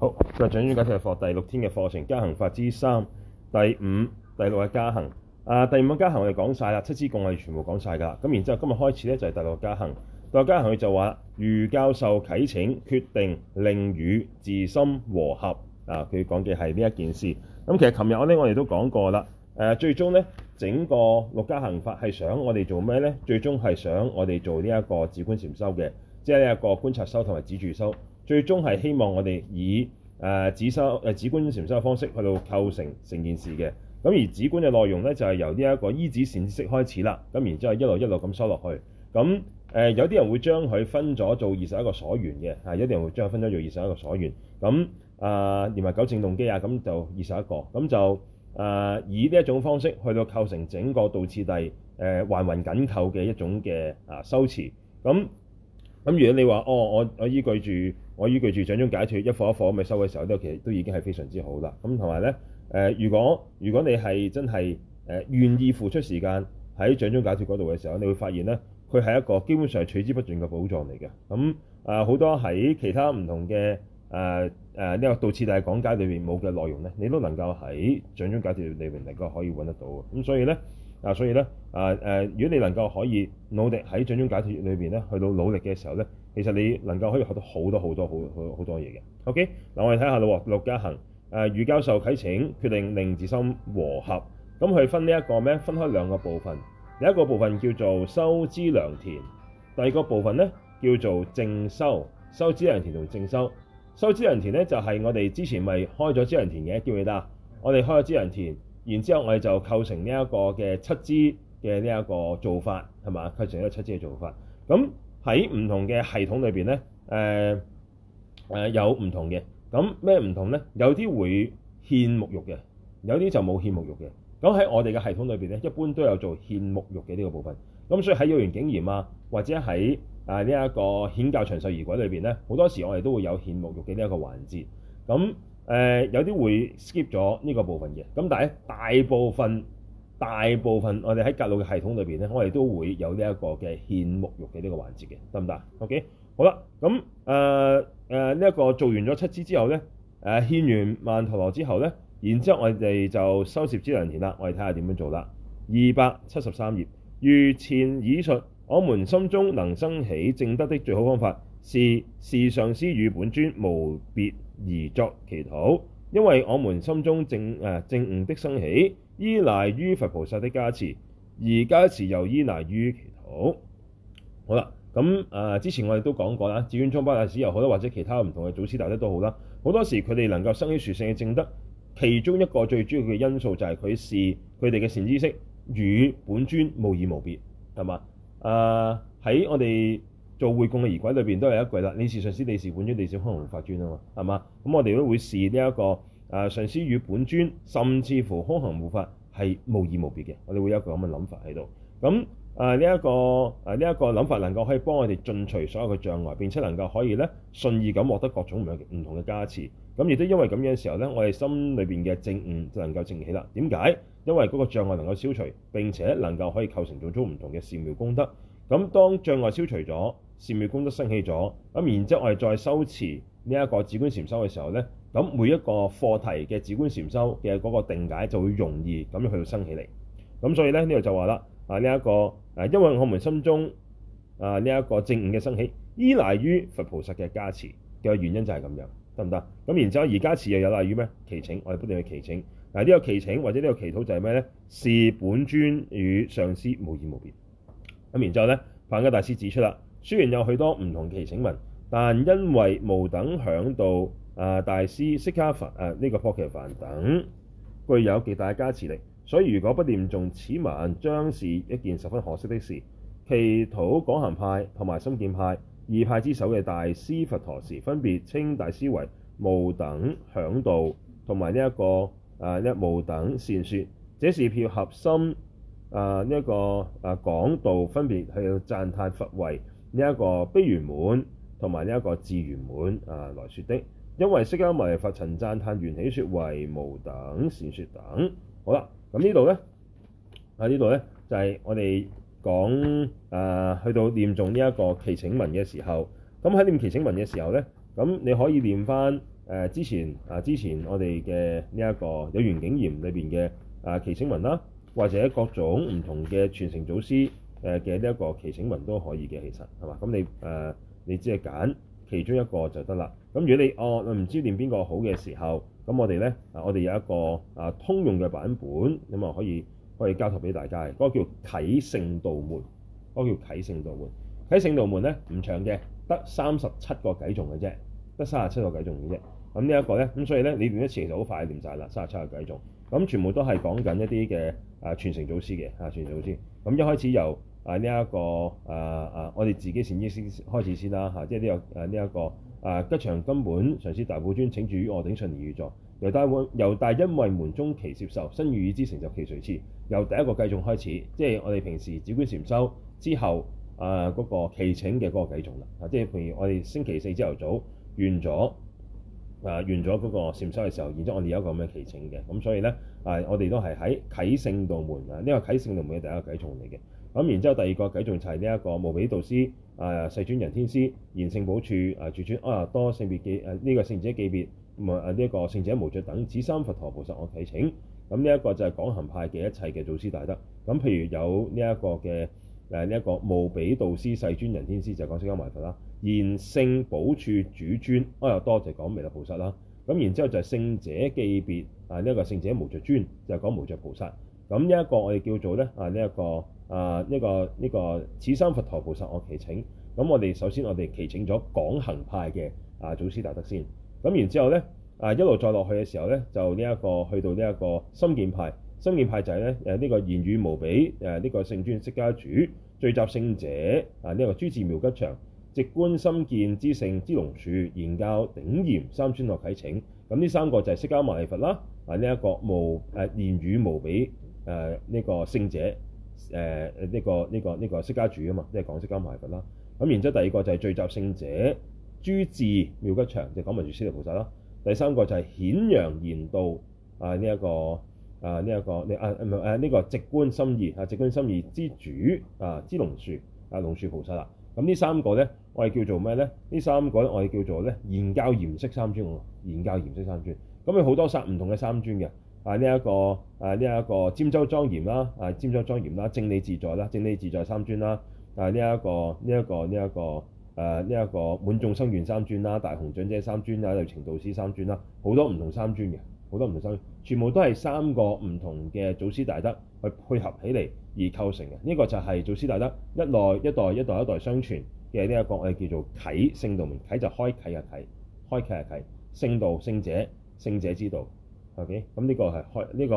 好，就係長遠解體課第六天嘅課程，加行法之三，第五、第六嘅加行。啊，第五加行我哋講晒啦，七支共我哋全部講晒㗎啦。咁然之後今日開始咧就係、是、第六個加行，第六加行佢就話：如教授啟請決定令與自心和合。啊，佢講嘅係呢一件事。咁、啊、其實琴日咧我哋都講過啦。誒、啊，最終咧整個六加行法係想我哋做咩咧？最終係想我哋做呢一個止觀禪修嘅，即係呢一個觀察修同埋止住修。最終係希望我哋以誒止、呃、修誒止、呃、觀禪修嘅方式去到構成成件事嘅。咁而止觀嘅內容咧就係、是、由呢一個依止善識開始啦。咁然之後一路一路咁收落去。咁、嗯、誒、呃、有啲人會將佢分咗做二十一個所緣嘅，啊一定會將佢分咗做二十一個所緣。咁啊連埋九正動機啊，咁就二十一個。咁、嗯、就誒、呃、以呢一種方式去到構成整個道次第誒環環緊扣嘅一種嘅啊修持。咁、嗯、咁、嗯、如果你話哦，我我依據住。我依據住掌中解脱一課一課咁咪收嘅時候，都其實都已經係非常之好啦。咁同埋咧，如果如果你係真係誒願意付出時間喺掌中解脱嗰度嘅時候，你會發現咧，佢係一個基本上係取之不盡嘅寶藏嚟嘅。咁、嗯、好、呃、多喺其他唔同嘅誒誒呢個道次第講解裏面冇嘅內容咧，你都能夠喺掌中解脱裏邊嚟講可以揾得到嘅咁、嗯、所以咧。嗱、啊，所以咧，誒、啊、誒、呃，如果你能夠可以努力喺掌中解脫月裏邊咧，去到努力嘅時候咧，其實你能夠可以學到好多好多好好好多嘢嘅。OK，嗱，我哋睇下啦喎，家恆誒，如教授啟請決定令自心和合，咁佢分呢、這、一個咩？分開兩個部分，第一個部分叫做收資糧田，第二個部分咧叫做正修，收資糧田同正修，收資糧田咧就係、是、我哋之前咪開咗資糧田嘅，記唔記得啊？我哋開咗資糧田。然之後我哋就構成呢一個嘅七支嘅呢一個做法係嘛？構成一個七支嘅做法。咁喺唔同嘅系統裏邊咧，誒誒有唔同嘅。咁咩唔同咧？有啲會獻沐浴嘅，有啲就冇獻沐浴嘅。咁喺我哋嘅系統裏邊咧，一般都有做獻沐浴嘅呢個部分。咁所以喺《幼園警言》啊，或者喺啊呢一個《顯教長壽儀軌裏面呢》裏邊咧，好多時我哋都會有獻沐浴嘅呢一個環節。咁誒、呃、有啲會 skip 咗呢個部分嘅，咁但係大部分大部分我哋喺格魯嘅系統裏面，咧，我哋都會有呢一個嘅獻沐浴嘅呢個環節嘅，得唔得？OK，好啦，咁誒呢一個做完咗七支之後呢，獻、呃、完曼陀羅之後呢，然之後我哋就收攝資糧田啦，我哋睇下點樣做啦。二百七十三頁，如前已述，我們心中能生起證德的最好方法，是視上師與本尊無別而作祈禱，因為我們心中證誒證悟的生起，依賴於佛菩薩的加持，而加持又依賴於祈禱。好啦，咁誒、呃、之前我哋都講過啦，至尊宗喀巴大師又好啦，或者其他唔同嘅祖師大德都好啦，好多時佢哋能夠生起殊勝嘅證德，其中一個最主要嘅因素就係佢視佢哋嘅善知識與本尊無二無別，係嘛？誒、呃、喺我哋。做會供嘅儀軌裏邊都係有一句啦，你是上師，你是本尊，你是空行護法尊啊嘛，係嘛？咁我哋都會視呢、這、一個誒、呃、上師與本尊，甚至乎空行護法係無二無別嘅。我哋會有一個咁嘅諗法喺度。咁誒呢一個誒呢一個諗法能夠可以幫我哋盡除所有嘅障礙，並且能夠可以咧順意咁獲得各種唔同唔同嘅加持。咁亦都因為咁樣嘅時候咧，我哋心裏邊嘅證悟就能夠正起啦。點解？因為嗰個障礙能夠消除，並且能夠可以構成種種唔同嘅善妙功德。咁當障礙消除咗，善妙功德都升起咗，咁然之後我哋再收持修持呢一個止觀禪修嘅時候咧，咁每一個課題嘅止觀禪修嘅嗰個定解就會容易咁樣去到生起嚟。咁所以咧呢度就話啦，啊呢一、這個啊，因為我們心中啊呢一、這個證悟嘅生起，依賴於佛菩薩嘅加持嘅原因就係咁樣，得唔得？咁然之後而加持又有賴於咩？祈請，我哋不斷去祈請。啊呢、這個祈請或者呢個祈禱就係咩咧？是本尊與上師無二無別。咁然之後咧，帕繃喀大師指出啦，雖然有許多唔同祈請文，但因為無等嚮導，啊、呃，大師釋迦佛呢個薄伽梵等具有極大加持力，所以如果不念誦此文，將是一件十分可惜的事。祈禱廣行派同埋深見派二派之首嘅大師佛陀時，分別稱大師為無等嚮導」這個，同埋呢一個呢無等善説，這是配合深。啊！呢、這、一個啊廣道分別去讚歎佛為呢一個悲圓滿同埋呢一個智圓滿啊來說的，因為釋迦佛曾讚歎緣起說為無等善說等。好啦，咁呢度咧喺呢度咧就係、是、我哋講啊去到念誦呢一個祈請文嘅時候，咁喺念祈請文嘅時候咧，咁你可以念返誒、啊、之前啊之前我哋嘅呢一個有緣景言裏邊嘅啊祈請文啦。或者各種唔同嘅傳承祖師誒嘅呢一個祈請文都可以嘅，其實係嘛？咁你誒、呃、你只係揀其中一個就得啦。咁如果你哦你唔知道練邊個好嘅時候，咁我哋咧啊，我哋有一個啊通用嘅版本，咁啊可以可以交託俾大家嘅。嗰、那個叫開勝道門，嗰、那個叫開勝道門。開勝道門咧唔長嘅，得三十七個偈頌嘅啫，得三十七個偈頌嘅啫。咁呢一個咧，咁所以咧你練一次就好快就練晒啦，三十七個偈頌。咁全部都係講緊一啲嘅啊傳承祖師嘅啊傳承祖師，咁一開始由啊呢一個啊啊我哋自己善意先開始先啦即係、這、呢個呢一、這個啊吉祥根本，上師大寶尊請住於我頂上蓮宇座，由大由大一位門中攝受身語意之成就其隨次，由第一個計重開始，即係我哋平時止觀禪修之後啊嗰、呃那個祈請嘅嗰個計重啦，即係譬如我哋星期四朝頭早完咗。啊！完咗嗰個禪修嘅時候，然之後我哋有一個咁嘅祈請嘅咁，所以咧啊，我哋都係喺啟勝道門啊，呢、這個啟勝道門係第一個偈頌嚟嘅。咁、啊，然之後第二個偈頌就係呢一個無比導師啊，世尊人天師然聖寶處啊，住尊阿多聖別記呢、啊這個聖者記別咁啊，呢、這、一個聖者無著等此三佛陀菩薩我啟請，咁呢一個就係廣行派嘅一切嘅祖師大德咁、啊，譬如有呢一個嘅。誒呢一個無比道師世尊人天師，就講釋迦牟尼佛啦，現聖寶處主尊，我、哦、又多謝講彌勒菩薩啦。咁然之後就聖者記別，誒呢一個聖者無著尊，就講無著菩薩。咁呢一個我哋叫做咧，誒呢一個啊呢、這個呢、這個、這個、此生佛陀菩薩我祈請。咁我哋首先我哋祈請咗廣行派嘅啊祖師大德先。咁然之後咧，誒一路再落去嘅時候咧，就呢、這、一個去到呢一個深見派。新念派仔咧，誒、這、呢個言語無比，誒、這、呢個聖尊釋迦主聚集聖者啊，呢、這、一個諸智妙吉祥直觀心見之性之龍樹言教頂嚴三尊樂啟請，咁呢三個就係釋迦牟尼佛啦，啊呢一個無誒、啊、言語無比誒呢、啊這個聖者誒呢、啊這個呢、這個呢、這個釋迦主啊嘛，即係講釋迦牟尼佛啦。咁然之後第二個就係聚集聖者諸智妙吉祥，就講文殊師利菩薩啦。第三個就係顯揚言道啊，呢、這、一個。這個、啊！呢一個你啊唔係呢個直觀心意啊，直觀心意之主啊，之龍樹啊，龍樹菩薩啦。咁呢三個咧，我哋叫做咩咧？呢三個咧，我哋叫做咧研教嚴式三尊，研教嚴式三尊。咁佢好多三唔同嘅三尊嘅、這個。呃這個、啊，呢一個啊，呢一個尖洲莊嚴啦，啊尖洲莊嚴啦，正理自在啦、啊，正理自在三尊啦、啊。啊，呢、這、一個呢一、這個呢一、這個誒呢一個滿眾生願三尊啦，大雄長者三尊啦，類程道師三尊啦，好多唔同三尊嘅。好多唔同生，全部都係三個唔同嘅祖師大德去配合起嚟而構成嘅。呢個就係祖師大德一代一代一代一代相傳嘅呢一個，我哋叫做啟聖道門。啟就開啟嘅啟，開啟嘅啟。聖道聖者聖者之道，OK？咁呢個係開呢個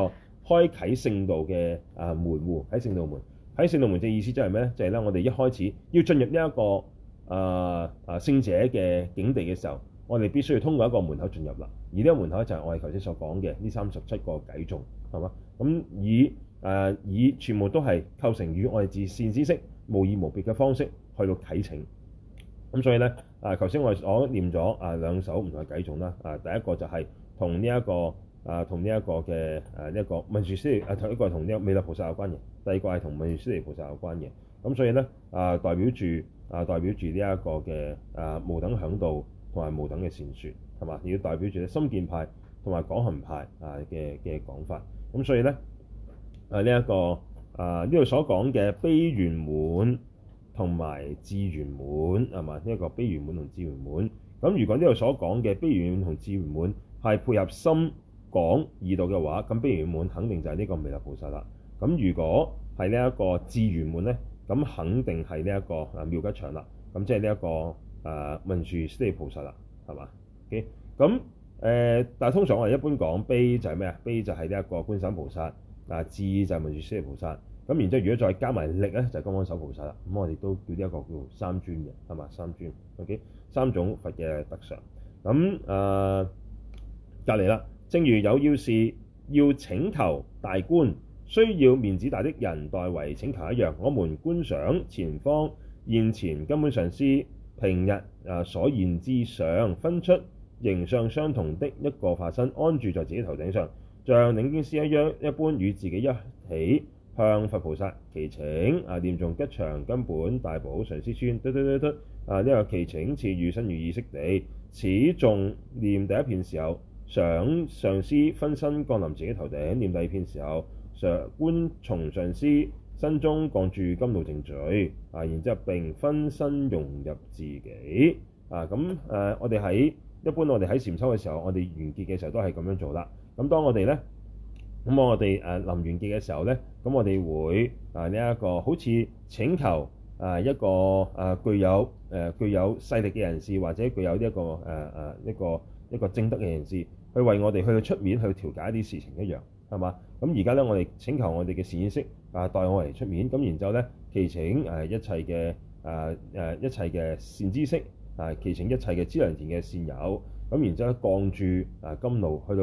開啟聖道嘅啊門戶喺聖道門喺聖道門嘅意思即係咩呢就係咧，我哋一開始要進入呢一個啊、呃、聖者嘅境地嘅時候。我哋必須要通過一個門口進入啦，而呢個門口就係我哋頭先所講嘅呢三十七個偈頌，係嘛？咁、嗯、以誒、呃、以全部都係構成於我哋自善知識無二無別嘅方式去到啟請。咁、嗯、所以咧啊，頭、呃、先我哋念咗啊、呃、兩首唔同嘅偈頌啦。啊、呃，第一個就係同呢一個啊，同呢一個嘅誒呢一個文殊師誒，第一個係同呢個彌勒菩薩有關嘅，第二個係同文殊師利菩薩有關嘅。咁、嗯、所以咧啊、呃，代表住啊、呃、代表住呢一個嘅啊、呃、無等嚮導。同埋無等嘅善説，係嘛？要代表住咧深見派同埋廣行派啊嘅嘅講法。咁所以咧，誒呢一個啊呢度所講嘅悲圓滿同埋智圓滿係嘛？呢一個悲圓滿同智圓滿。咁、這個、如果呢度所講嘅悲圓同智圓滿係配合深廣二道嘅話，咁悲圓滿肯定就係呢個彌勒菩薩啦。咁如果係呢一個智圓滿咧，咁肯定係呢一個啊妙吉祥啦。咁即係呢一個。誒文殊師利菩薩啦，係嘛？O K，咁誒，但係通常我哋一般講悲就係咩啊？悲就係呢一個觀想菩薩，嗱智就係文殊師利菩薩。咁然之後，如果再加埋力咧，就金剛手菩薩啦。咁我哋都叫呢一個叫三尊嘅，係嘛？三尊 OK，三種佛嘅德相。咁誒隔離啦，正如有要事要請求大官，需要面子大的人代為請求一樣。我們觀想前方，現前根本上師平日啊所言之想，分出形相相同的一個化身，安住在自己頭頂上，像領經師一樣一般與自己一起向佛菩薩祈請啊念誦吉祥根本大寶上師尊，嘟嘟嘟嘟啊呢、這個祈請賜予身語意悉地，此頌念第一遍時候，想上，上師分身降臨自己頭頂，念第二遍時候，想觀從上師心中降住金爐淨嘴，啊，然之後並分身融入自己，啊，咁誒、啊，我哋喺一般我哋喺禪修嘅時候，我哋完結嘅時候都係咁樣做啦。咁、啊、當我哋呢，咁我哋誒臨完結嘅時候呢，咁我哋會啊呢、這個啊、一個好似請求啊一個啊具有誒具有勢力嘅人士，或者具有呢、這個啊啊、一個誒誒一個一個正德嘅人士，去為我哋去出面去調解一啲事情一樣。係嘛？咁而家咧，我哋請求我哋嘅善知識啊，代我嚟出面。咁然之後咧，祈請誒一切嘅誒誒一切嘅善知識啊，祈請一切嘅資糧田嘅善友。咁然之後降住啊甘露，去到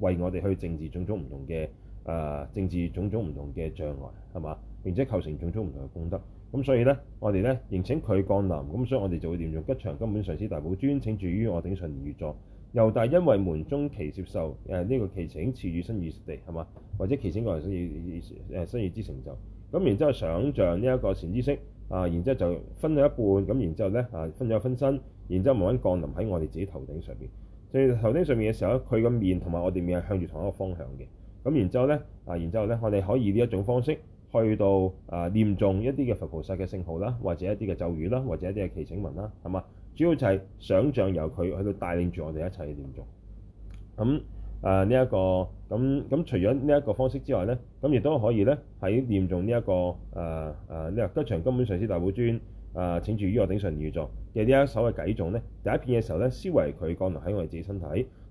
為我哋去淨治種種唔同嘅啊淨治種種唔同嘅障礙，係嘛？並且構成種種唔同嘅功德。咁所以咧，我哋咧，迎請佢降臨。咁所以，我哋就會念用吉祥根本上師大寶尊，請住於我頂上蓮月座。又但係因為門中期接受誒呢、啊這個祈請賜予身語意悉地係嘛？或者祈請過嚟身語意身語意誒之成就，咁然之後想像呢一個善知識啊，然之後就分咗一半，咁然之後咧啊分咗分身，然之後慢慢降臨喺我哋自己頭頂上邊。所以頭頂上面嘅時候，佢個面同埋我哋面係向住同一個方向嘅。咁然之後咧啊，然之後咧我哋可以呢一種方式去到啊念誦一啲嘅佛菩薩嘅聖號啦，或者一啲嘅咒語啦，或者一啲嘅祈請文啦，係嘛？主要就係想像由佢去到帶領住我哋一齊念。做、呃，咁誒呢一個，咁咁除咗呢一個方式之外咧，咁亦都可以咧喺念誦呢一、這個誒誒呢個吉祥根本上師大寶尊誒、呃、請住於我頂上如座嘅呢一首嘅偈誦咧，第一遍嘅時候咧，思維佢降臨喺我哋自己身體；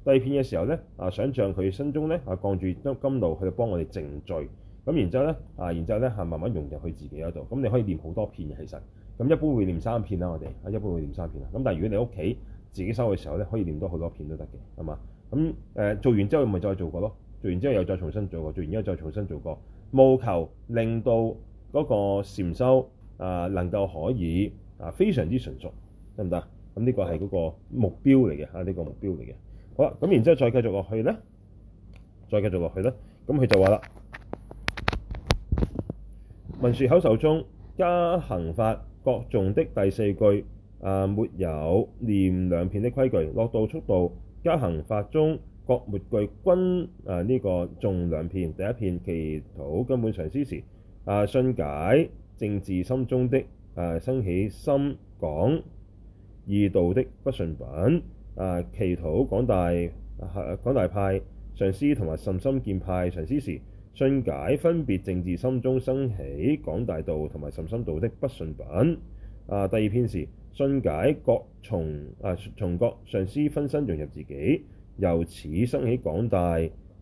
第二遍嘅時候咧，啊想像佢身中咧啊降住甘甘露去幫我哋淨罪。咁然之後咧，啊然之後咧係慢慢融入去自己嗰度。咁你可以念好多遍嘅，其實。咁一般會念三片啦，我哋啊，一般會念三片啦。咁但係如果你屋企自己修嘅時候咧，可以念多好多片都得嘅，係嘛？咁誒做完之後咪再做過咯。做完之後又再重新做過，做完之後再重新做過，務求令到嗰個禪修啊能夠可以啊非常之純熟，得唔得啊？咁呢個係嗰個目標嚟嘅嚇，呢個目標嚟嘅。好啦，咁然之後再繼續落去咧，再繼續落去咧，咁佢就話啦：文殊口授中加行法。各頌的第四句啊，沒有念兩遍的規矩，樂道速道加行法中，各末句均啊呢、這個誦兩遍，第一遍祈禱根本上師時啊，信解淨治心中的啊生起深廣二道的不順品。「啊，祈禱廣大、啊、廣大派上師同埋甚深見派上師時。信解分別淨治心中生起廣大道同埋甚深道的不順品啊！第二遍是信解各從啊從各上師分身融入自己，由此生起廣大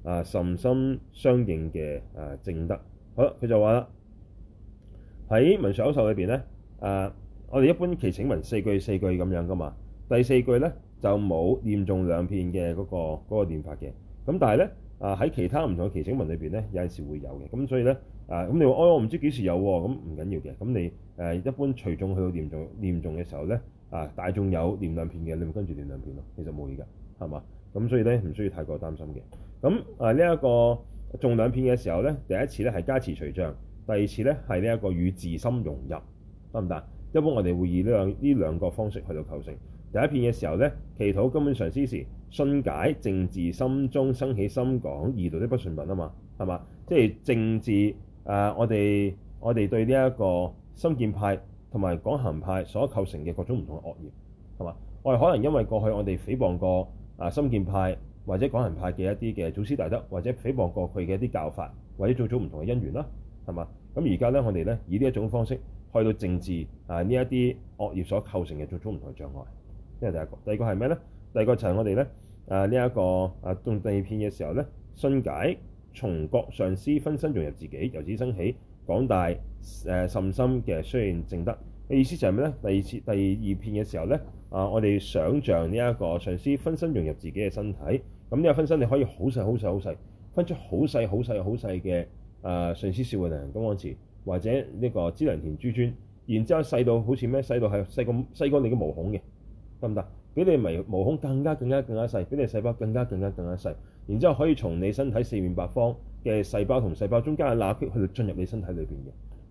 啊甚深，深相應嘅啊證德好。好，佢就話啦喺文殊口授裏邊咧，誒、啊、我哋一般祈請文四句四句咁樣噶嘛，第四句咧就冇念重兩遍嘅嗰、那個念、那個、法嘅，咁但係咧。啊喺其他唔同嘅祈請文裏邊咧，有陣時會有嘅，咁所以咧，啊咁你話，哦、哎，我唔知幾時有喎、啊，咁唔緊要嘅，咁你誒、啊、一般隨眾去到念重念重嘅時候咧，啊大眾有念兩遍嘅，你咪跟住念兩遍咯，其實冇嘢噶，係嘛？咁所以咧，唔需要太過擔心嘅。咁啊呢一、這個重兩遍嘅時候咧，第一次咧係加持隨障，第二次咧係呢一個與自心融入，得唔得？一般我哋會以呢兩呢兩個方式去到構成第一遍嘅時候咧，祈禱根本上師時。信解淨治心中生起深廣二道的不順品啊嘛，係嘛？即係淨治，誒、呃，我哋我哋對呢一個深見派同埋廣行派所構成嘅各種唔同嘅惡業，係嘛？我哋可能因為過去我哋誹謗過啊深見派或者廣行派嘅一啲嘅祖師大德，或者誹謗過佢嘅一啲教法，或者做咗唔同嘅因緣啦，係嘛？咁而家呢，我哋呢以呢一種方式去到淨治啊呢一啲惡業所構成嘅種種唔同嘅障礙。即係第一個，第二個係咩呢？第二個就係我哋呢。啊！呢、這、一個啊，動第二遍嘅時候咧，信解從各上師分身融入自己，由此生起廣大誒、啊、甚深嘅相應證德嘅意思就係咩咧？第二次第二遍嘅時候咧，啊，我哋想象呢一個上師分身融入自己嘅身體，咁呢個分身你可以好細好細好細，細，分出好細好細好細嘅誒上師、笑雲人、公安慈，或者呢個資糧田主尊，然之後細到好似咩？細到係細過細過你嘅毛孔嘅，得唔得？俾你咪毛孔更加更加更加細，俾你細胞更加更加更加細，然之後可以從你身體四面八方嘅細胞同細胞中間嘅罅隙去到進入你身體裏邊嘅，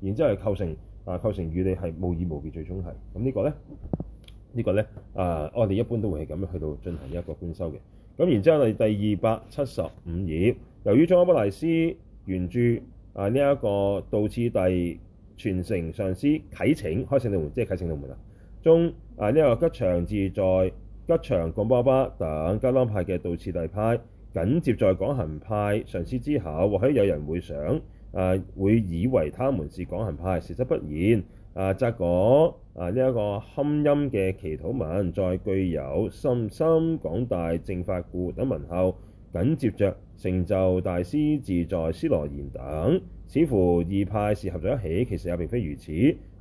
然之後是構成啊構成與你係無二無別，最終係咁呢、呢個咧，呢個咧啊，我哋一般都會係咁去到進行一個觀修嘅。咁然之後係第二百七十五頁，由於宗喀巴大師原著啊呢一、這個道次第傳承上師啟請開勝道門，即係啟勝道門啦，中。啊！呢、這個吉祥自在、吉祥貢巴瓦等噶當派嘅道次第派，緊接在廣行派上師之後，或許有人會想，啊，會以為他們是廣行派，事實則不然。啊，札果啊呢一、這個堪欽嘅祈禱文，在具有甚深廣大正法故等文後，緊接著成就大師自在屍羅燃等。似乎二派是合在一起，其實也並非如此。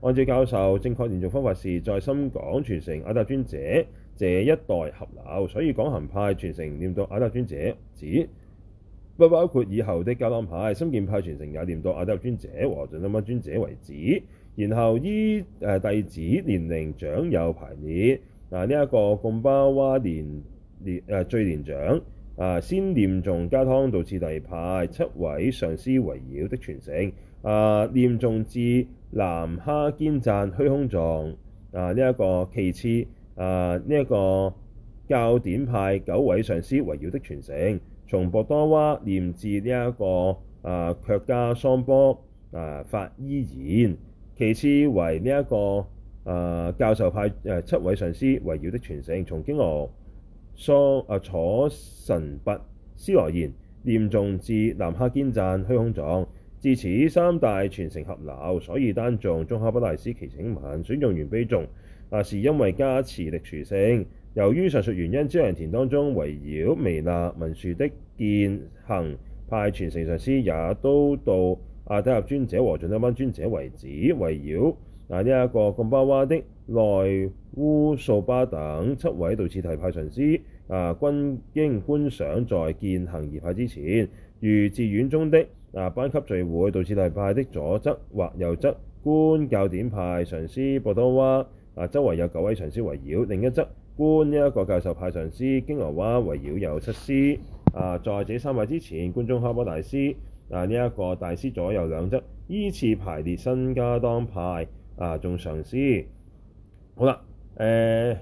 按照教授，正確念誦方法是，在深廣傳承阿底峽尊者這一代合流，所以廣行派傳承念到阿底峽尊者止，不包括以後的噶當派，深見派傳承也念到阿底峽尊者和仲敦巴尊者為止。然後依誒弟子年齡長幼排列。嗱呢一個貢巴瓦年年誒最年長。啊、先念誦噶當道次第派七位上師圍繞的傳承，啊念誦至南喀堅贊虛空幢，啊呢一、這個其次，啊呢一、這個教典派九位上師圍繞的傳承，從博多瓦念至呢、這、一個啊卻嘉桑波啊法依賢，其次為呢、這、一個啊教授派誒七位上師圍繞的傳承，從京俄、桑啊楚神拔屍羅燃，念誦至南喀堅贊虛空幢。自此三大傳承合流，所以單誦宗喀巴大師祈請文，選用緣悲頌，但、啊、是因為加持力殊勝，由於上述原因，資糧田當中圍繞彌勒、文殊的見行派傳承上師也都到阿底峽尊者和仲敦巴尊者為止圍繞。但呢一個貢巴瓦的。內鄔素巴等七位道次第派上師啊，均應觀想在見行二派之前。如寺院中的啊班級聚會，道次第派的左側或右側觀教典派上師博朵瓦啊，周圍有九位上師圍繞。另一側觀呢一個教授派上師京俄瓦圍繞有七師啊，在這三位之前觀宗喀巴大師啊，呢、這、一個大師左右兩側依次排列新噶當派啊，眾上師。好啦，誒、呃、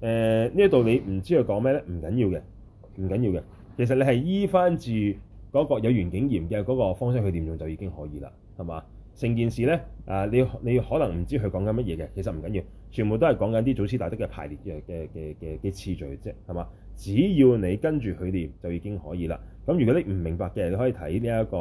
誒，呢一度你唔知佢講咩咧，唔緊要嘅，唔緊要嘅。其實你係依翻住嗰個有原景義嘅嗰個方式去念，就已經可以啦，係嘛？成件事咧，啊，你你可能唔知佢講緊乜嘢嘅，其實唔緊要，全部都係講緊啲祖師大德嘅排列嘅嘅嘅嘅次序啫，係嘛？只要你跟住佢念，就已經可以啦。咁如果你唔明白嘅，你可以睇呢一個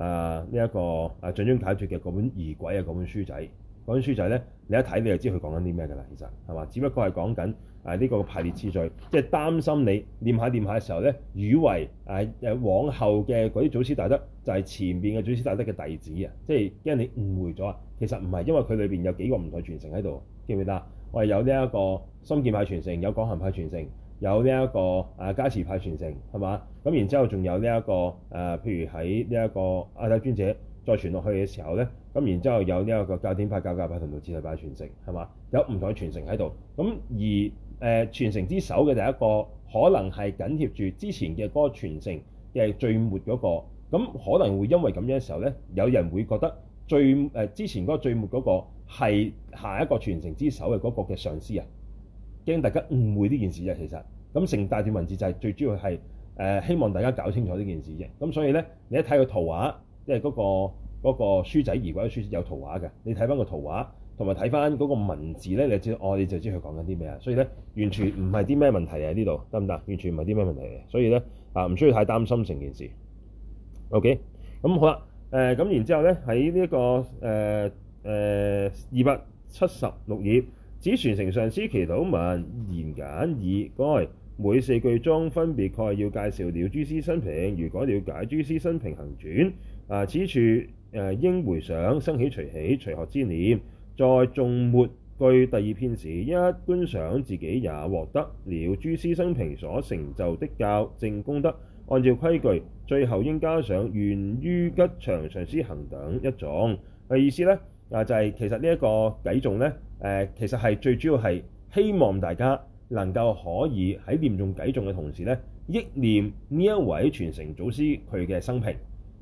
啊呢一個啊，掌、這個、中解脫嘅嗰本《儀軌》啊嗰本書仔。嗰本書就係咧，你一睇你就知佢講緊啲咩㗎啦，其實係嘛？只不過係講緊呢個排列次序，即係擔心你念下念下嘅時候咧，以為誒往後嘅嗰啲祖師大德就係前邊嘅祖師大德嘅弟子啊，即係驚你誤會咗啊。其實唔係，因為佢裏邊有幾個唔同傳承喺度，記唔記得？我係有呢一個深見派傳承，有廣行派傳承，有呢一個加持派傳承，係嘛？咁然之後仲有呢一個誒，譬如喺呢一個阿底峽尊者，再傳落去嘅時候呢，咁然之後有呢一個教典派、教教派同埋哲理拜傳承，係嘛？有唔同嘅傳承喺度。咁而誒、呃、傳承之首嘅第一個，可能係緊貼住之前嘅嗰個傳承嘅最末嗰、那個。咁可能會因為咁樣嘅時候呢，有人會覺得最誒、呃、之前嗰個最末嗰個係下一個傳承之首嘅嗰個嘅上司啊，驚大家誤會呢件事啫。其實咁成大段文字就係最主要係誒、呃、希望大家搞清楚呢件事啫。咁所以呢，你一睇個圖畫。即係嗰個嗰、那個、書仔，而嗰啲書有圖畫嘅，你睇翻個圖畫，同埋睇翻嗰個文字咧，你知道哦，你就知佢講緊啲咩啊。所以咧，完全唔係啲咩問題喺呢度得唔得？完全唔係啲咩問題嘅，所以咧啊，唔需要太擔心成件事。OK，咁、嗯、好啦。誒、呃，咁然之後咧，喺呢一個誒誒二百七十六頁，此傳承上師祈禱文言簡意賅每四句中分別概要介紹了諸師生平。如果了解諸師生平行傳。啊！此處誒應回想生起隨喜隨學之念，在誦末句第二遍時，一觀想自己也獲得了諸師生平所成就的教證功德。按照規矩，最後應加上願於吉祥上師行等一頌嘅意思咧。啊，就係其實呢一個偈頌咧，其實係最主要係希望大家能夠可以喺念誦偈頌嘅同時咧，憶念呢一位傳承祖師佢嘅生平。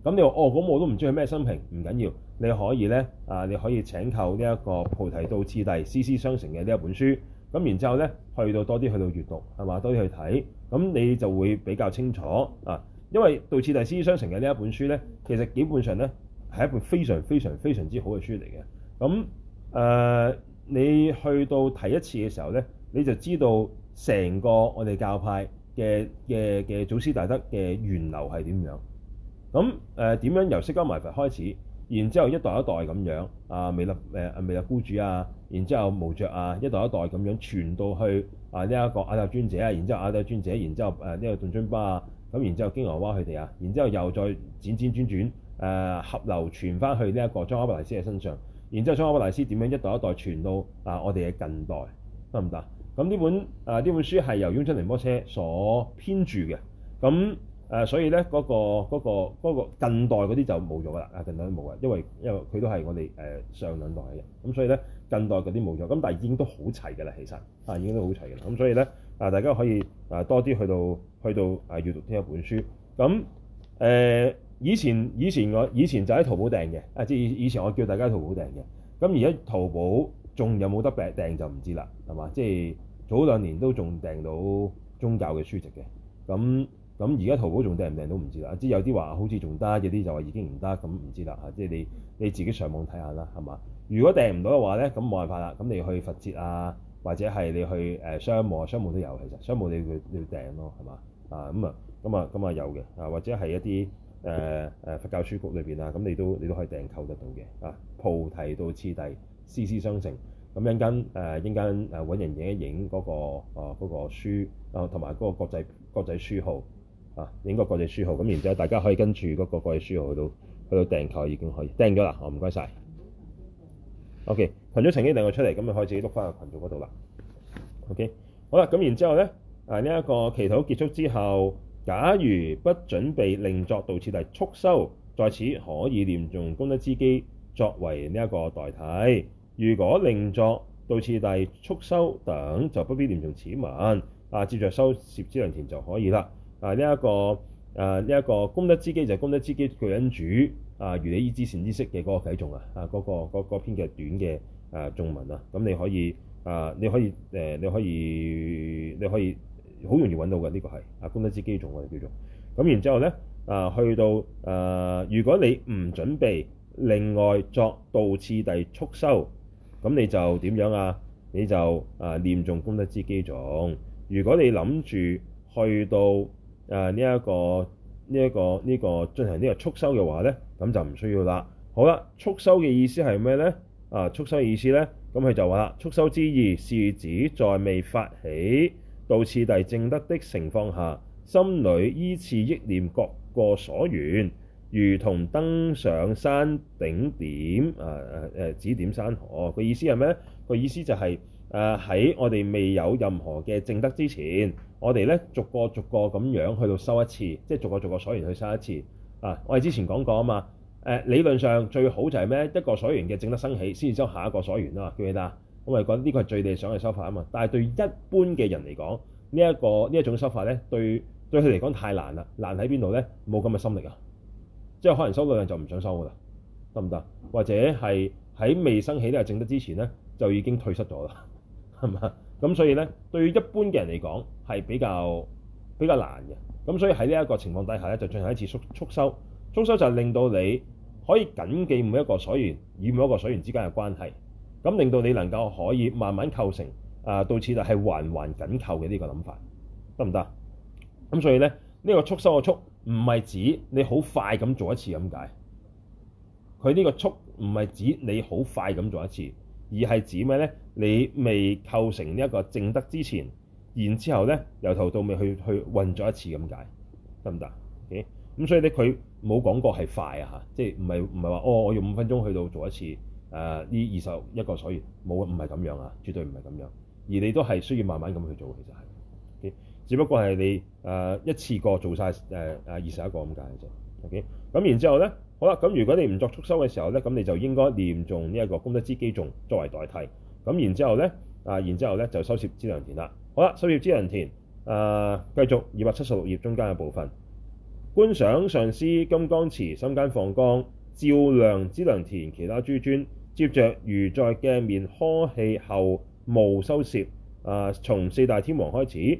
咁你話哦，咁我都唔知佢咩生平，唔緊要，你可以呢，啊，你可以請購呢一個菩提道次第師師相承嘅呢一本書，咁然之後呢，去到多啲去到閱讀係嘛，多啲去睇，咁你就會比較清楚啊，因為道次第師師相承嘅呢一本書呢，其實基本上呢係一本非常非常非常之好嘅書嚟嘅。咁誒、呃，你去到睇一次嘅時候呢，你就知道成個我哋教派嘅嘅嘅祖師大德嘅源流係點樣。咁誒點樣由釋迦牟尼佛開始，然之後一代一代咁樣，阿、啊、彌勒誒阿彌勒怙主啊，然之後無著啊，一代一代咁樣傳到去啊呢一、這個阿底峽尊者，者啊、這個、啊，然之後阿底峽尊者，然之後誒呢個頓尊巴啊，咁然之後經羅娃佢哋啊，然之後又再轉轉轉轉誒、啊、合流傳翻去呢一個宗喀巴大師嘅身上，然之後宗喀巴大師點樣一代一代傳到啊我哋嘅近代得唔得？咁呢本誒呢、啊、本書係由雍真仁波切所編著嘅，咁。誒、啊，所以咧嗰、那個嗰、那個那個、近代嗰啲就冇咗啦，啊近代都冇啦，因為因為佢都係我哋誒、呃、上兩代嘅人，咁所以咧近代嗰啲冇咗，咁但係已經都好齊㗎啦，其實啊已經都好齊㗎啦，咁所以咧啊大家可以啊多啲去到去到啊閲讀呢一本書，咁誒、呃、以前以前我以前就喺淘寶訂嘅啊，即係以以前我叫大家喺淘寶訂嘅，咁而家淘寶仲有冇得訂就唔知啦，係嘛？即、就、係、是、早兩年都仲訂到宗教嘅書籍嘅，咁。咁而家淘寶仲訂唔訂都唔知啦，即係有啲話好似仲得，有啲就話已經唔得，咁唔知啦嚇。即係你你自己上網睇下啦，係嘛？如果訂唔到嘅話咧，咁冇辦法啦，咁你去佛節啊，或者係你去誒商務，商務都有其實，商務你要你要訂咯，係嘛？啊咁啊咁啊咁啊有嘅啊，或者係一啲誒誒佛教書局裏邊啊，咁你都你都可以訂購扣得到嘅啊，菩提道次第師師相承。咁一間誒一間誒揾人影一影嗰個誒嗰個書啊，同埋嗰個國際國際書號。啊！英國國際書號咁，然之後大家可以跟住嗰個國際書號去到去到訂購已經可以訂咗啦。哦，唔該晒。OK，群組曾經訂過出嚟，咁就可以自己碌翻去群組嗰度啦。OK，好啦，咁然之後咧啊，呢一個祈禱結束之後，假如不準備另作道次第速修，在此可以念誦功德之基作為呢一個代替。如果另作道次第速修等就不必念誦此文，啊，接著收攝資糧田就可以啦。啊！呢、這、一個啊，呢、這、一個功德之基就係功德之基，巨人主啊，如你依止善知識嘅嗰個體重啊，啊嗰、那個篇嘅、那個那個那個那個、短嘅啊頌文啊，咁你可以啊，你可以誒、呃，你可以你可以好容易揾到嘅呢、這個係啊功德之基頌，我、啊、哋、那個、叫做咁。那然之後咧啊，去到啊，如果你唔準備另外作道次第速修，咁你就點樣啊？你就啊念誦功德之基頌。如果你諗住去到，誒呢一個呢一、這個呢、這個進行呢個速修嘅話呢，咁就唔需要啦。好啦，速修嘅意思係咩呢？啊，速修嘅意思呢，咁佢就話啦，速修之意是指在未發起道次第證德的情況下，心裏依次憶念各個所願，如同登上山頂點、啊呃、指點山河，那個意思係咩咧？那個意思就係、是。誒喺、呃、我哋未有任何嘅證德之前，我哋咧逐個逐個咁樣去到修一次，即係逐個逐個所緣去修一次。啊，我哋之前講過嘛啊嘛。理論上最好就係咩？一個所緣嘅證德生起，先至修下一個所緣啊嘛，記唔記得？我咪講呢個係最理想嘅修法啊嘛。但係對一般嘅人嚟講，這個、呢一個呢一種修法咧，對對佢嚟講太難啦。難喺邊度咧？冇咁嘅心力啊，即係可能修到人就唔想修噶啦，得唔得？或者係喺未生起呢個證德之前咧，就已經退失咗啦。咁所以咧，對一般嘅人嚟講係比較比較難嘅。咁所以喺呢一個情況底下咧，就進行一次速速修。速修就係令到你可以緊記每一個所緣與每一個所緣之間嘅關係，咁令到你能夠可以慢慢構成啊，到此就係環環緊扣嘅呢個諗法，得唔得？咁所以咧，呢、這個速修嘅速唔係指你好快咁做一次咁解。佢呢個速唔係指你好快咁做一次。而係指咩咧？你未構成呢一個正德之前，然之後咧，由頭到尾去去運作一次咁解，得唔得？OK 咁所以咧，佢冇講過係快啊吓，即係唔係唔係話哦，我用五分鐘去到做一次誒呢、呃、二十一個，所以冇唔係咁樣啊，絕對唔係咁樣。而你都係需要慢慢咁去做，其實係，OK，只不過係你誒、呃、一次過做晒誒誒二十一個咁解嘅啫。咁、okay? 然之後咧。好啦，咁如果你唔作速修嘅時候呢，咁你就應該念重呢一個功德之基頌作為代替。咁然之後呢，啊，然之後呢就收攝資糧田啦。好啦，收攝資糧田，啊，繼續二百七十六頁中間嘅部分。觀想上師金剛持心間放光，照亮資糧田其他諸尊。接着如在鏡面呵氣後無收攝，啊，從四大天王開始，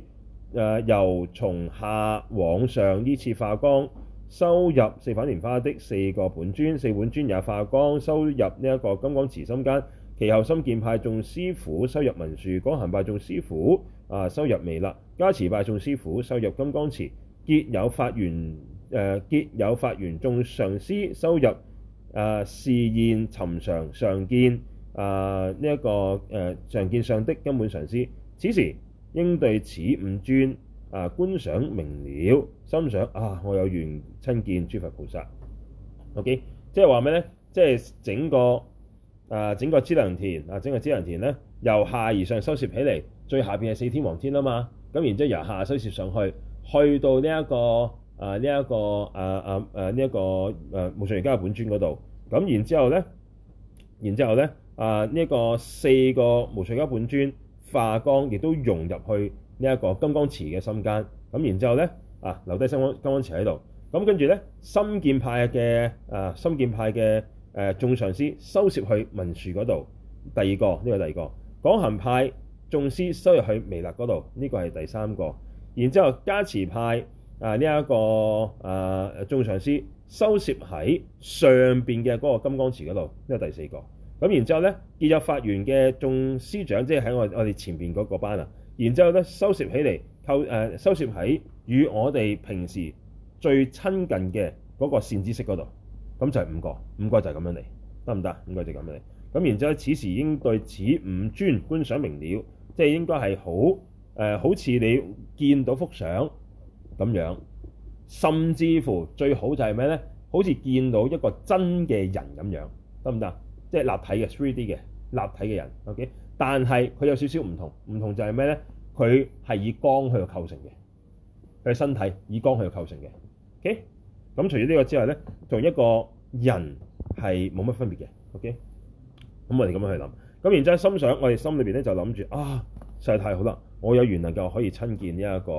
啊，由從下往上依次化光。收入四瓣蓮花的四個本尊，四本尊也化光收入呢一個金剛持心間。其後深見派眾師傅收入文殊，廣行派眾師傅啊收入彌勒，加持派眾師傅收入金剛持，結有法緣誒、啊，結有法緣眾、啊、上師收入啊示現尋常常見啊呢一、這個誒、啊、常見上的根本上師。此時應對此五尊。啊！觀想明了，心想啊，我有緣親見諸佛菩薩。O.K.，即係話咩咧？即係整個啊，整個資糧田啊，整個資糧田咧，由下而上收攝起嚟，最下面係四天王天啊嘛。咁然之後由下收攝上去，去到呢一個啊，呢一個啊啊啊呢一個誒無上瑜伽本尊嗰度。咁然之後咧，然之後咧啊呢一個四個無上瑜伽本尊化光，亦都融入去。呢一個金剛持嘅心間，咁然之後咧啊，留低金剛金剛持喺度，咁跟住咧深見派嘅啊，深見派嘅誒眾上師收攝去文殊嗰度，第二個呢、這個第二個，廣行派眾師收入去彌勒嗰度，呢、這個係第三個，然之後加持派啊呢一、這個啊眾、呃、上師收攝喺上邊嘅嗰個金剛持嗰度，呢、這個第四個，咁然之後咧結咗法緣嘅眾師長，即係喺我我哋前邊嗰個班啊。然之後咧、呃，收攝起嚟，構誒收攝喺與我哋平時最親近嘅嗰個善知識嗰度，咁就係五個，五個就係咁樣嚟，得唔得？五個就係咁樣嚟。咁然之後，此時應對此五尊觀想明瞭，即係應該係好誒，好似你見到幅相咁樣，甚至乎最好就係咩咧？好似見到一個真嘅人咁樣，得唔得？即係立體嘅 three D 嘅立體嘅人，O K。Okay? 但係佢有少少唔同，唔同就係咩咧？佢係以光去度構成嘅，佢身體以光去度構成嘅。OK，咁除咗呢個之外咧，同一個人係冇乜分別嘅。OK，咁我哋咁樣去諗，咁然之後心，我心想我哋心裏面咧就諗住啊，世太好啦，我有緣能夠可以親見呢一個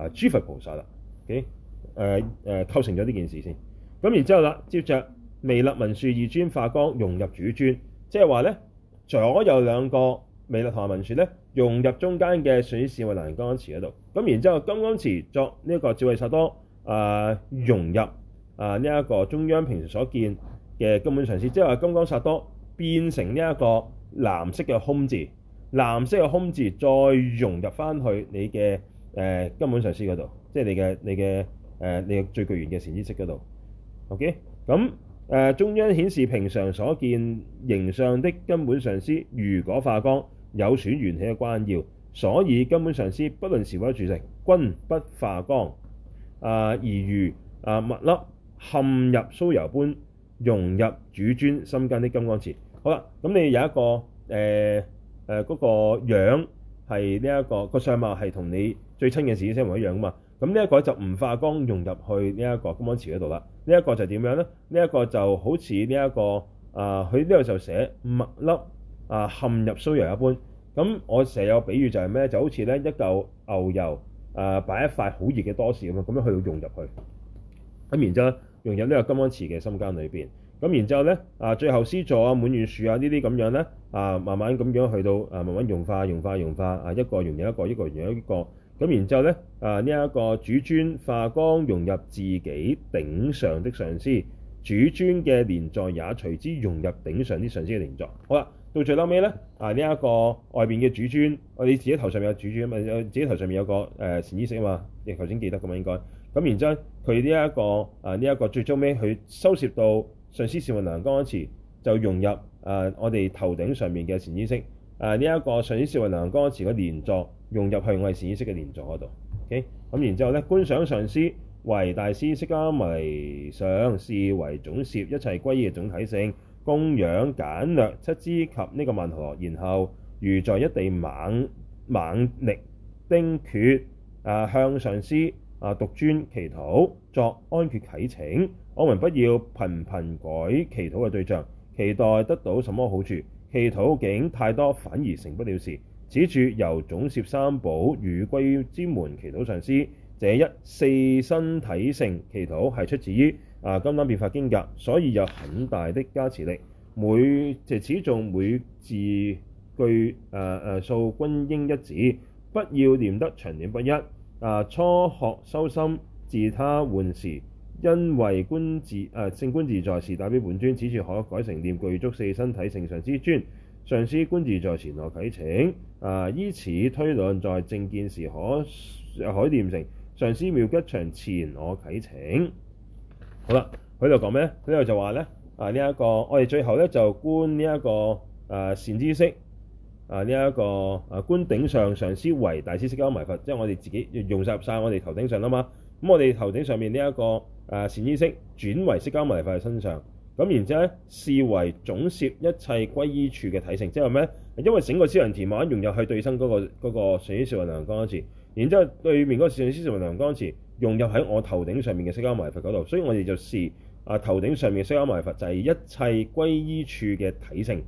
啊諸佛菩薩啦。OK，誒、呃、誒、呃、構成咗呢件事先，咁然之後啦，接着彌勒文殊二尊化光融入主尊，即係話咧，左右兩個彌勒同文殊咧。融入中間嘅上師智慧藍金剛持嗰度，咁然之後金剛持作呢一個智慧薩埵，誒、啊、融入誒呢一個中央平常所見嘅根本上師。即係話金剛薩埵變成呢一個藍色嘅空字，藍色嘅空字再融入翻去你嘅誒、呃、根本上師嗰度，即、就、係、是、你嘅你嘅誒、呃、你嘅最具緣嘅善知識嗰度。OK，咁誒、呃、中央顯示平常所見形相的根本上師，如果化光。有損緣起嘅關要，所以根本上師不論是否住世，均不化光。啊，而如啊麥粒嵌入酥油般融入主尊心間啲金剛持。好啦，咁你有一個誒誒嗰個樣係呢一個個相貌係同你最親嘅自己聲模一樣噶嘛？咁呢一個就唔化光融入去呢一個金剛持嗰度啦。呢一個就點樣咧？呢一個就好似呢一個啊，佢呢度就寫麥粒啊嵌入酥油一般。咁我成日有比喻就係咩，就好似咧一嚿牛油，擺、呃、一塊好熱嘅多士咁樣，咁樣去到融入去，咁然之後咧融入呢個金剛持嘅心間裏面。咁然之後咧啊最後獅座滿樹啊滿願樹啊呢啲咁樣咧啊慢慢咁樣去到啊慢慢融化融化融化啊一個融入一個，一個融入一個，咁然之後咧啊呢一、這個主尊化光融入自己頂上的上師，主尊嘅蓮座也隨之融入頂上啲上師嘅蓮座。好啦。到最嬲尾咧，啊呢一、這個外面嘅主尊，我、啊、哋自己頭上面有主尊啊嘛，有自己頭上面有個誒善知識啊嘛，你頭先記得噶嘛應該。咁然之後、這個，佢呢一個啊呢一、這個最終尾，佢收攝到上師攝雲娘歌詞，就融入、啊、我哋頭頂上面嘅善知識呢一個上師攝雲娘歌詞嘅蓮座，融入去我哋善知識嘅蓮座嗰度。OK，咁然之後咧，觀想上,上師為大師釋迦，為上視為總攝，一切皈依嘅總體性。供養簡略，七支及呢個曼陀羅，然後如在一地猛猛力釘橛，啊、呃、向上師啊獨、呃、尊祈禱，作安橛啟請。我們不要頻頻改祈禱嘅對象，期待得到什麼好處，祈禱境太多反而成不了事。此處由總攝三寶與歸之門祈禱上師。這一四身體性祈禱係出自於，啊，甘丹變化經函，所以有很大的加持力。每即此頌每字句，誒誒、呃、數均應一致，不要念得長短不一。啊，初學修心，自他換時，因為觀自誒聖觀自在是大悲本尊，此處可改成念具足四身體性上師尊。上師觀自在前我啟請。啊依此推論，在正見時可可念成上師妙吉祥前我啟請。好啦，佢度講咩咧？佢度就話呢，呢一、啊這個，我哋最後呢就觀呢、這、一個誒、呃、善知識啊，呢、這、一個誒、啊、觀頂上上師為大師釋迦牟尼佛，即係我哋自己用晒入晒我哋頭頂上啊嘛。咁我哋頭頂上面呢、這、一個誒、呃、善知識轉為釋迦牟尼佛身上，咁然之後咧視為總攝一切歸依處嘅體性，即係咩咧？因為整個資糧田馬融入去對身嗰、那個嗰、那個善知識為良，然之後對面嗰個善知識為良光字。融入喺我頭頂上面嘅釋迦牟尼佛嗰度，所以我哋就試啊，頭頂上面嘅釋迦牟尼佛就係一切歸依處嘅體性，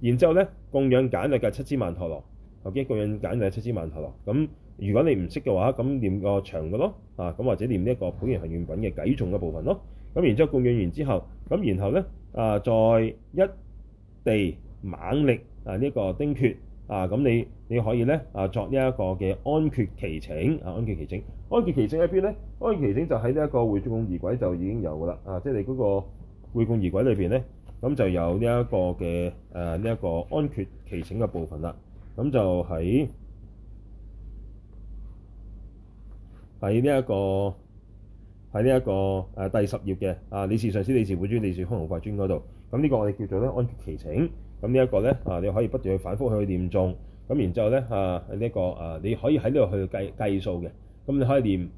然之後咧供養簡略嘅七支曼陀羅，後邊供養簡略七支曼陀羅。咁如果你唔識嘅話，咁念個長嘅咯，啊咁或者念呢一個普賢行願品嘅偈重嘅部分咯。咁然之後供養完之後，咁然後咧啊再一地猛力啊呢一、這個釘橛。啊，咁你你可以咧啊，作呢一個嘅安橛啟請啊，安橛啟請，安橛啟請喺邊咧？安橛啟請就喺呢一個會眾儀軌就已經有噶啦，啊，即係你嗰個會眾儀軌裏面咧，咁就有呢一個嘅誒呢一個安橛啟請嘅部分啦，咁就喺喺呢一個喺呢一個第十頁嘅啊，理事上司、理事會專、理事康宏法專嗰度，咁呢個我哋叫做咧安橛啟請。咁呢一個咧，啊你可以不斷去反覆去念誦，咁然之後咧，啊呢一個啊你可以喺呢度去計計數嘅，咁你可以念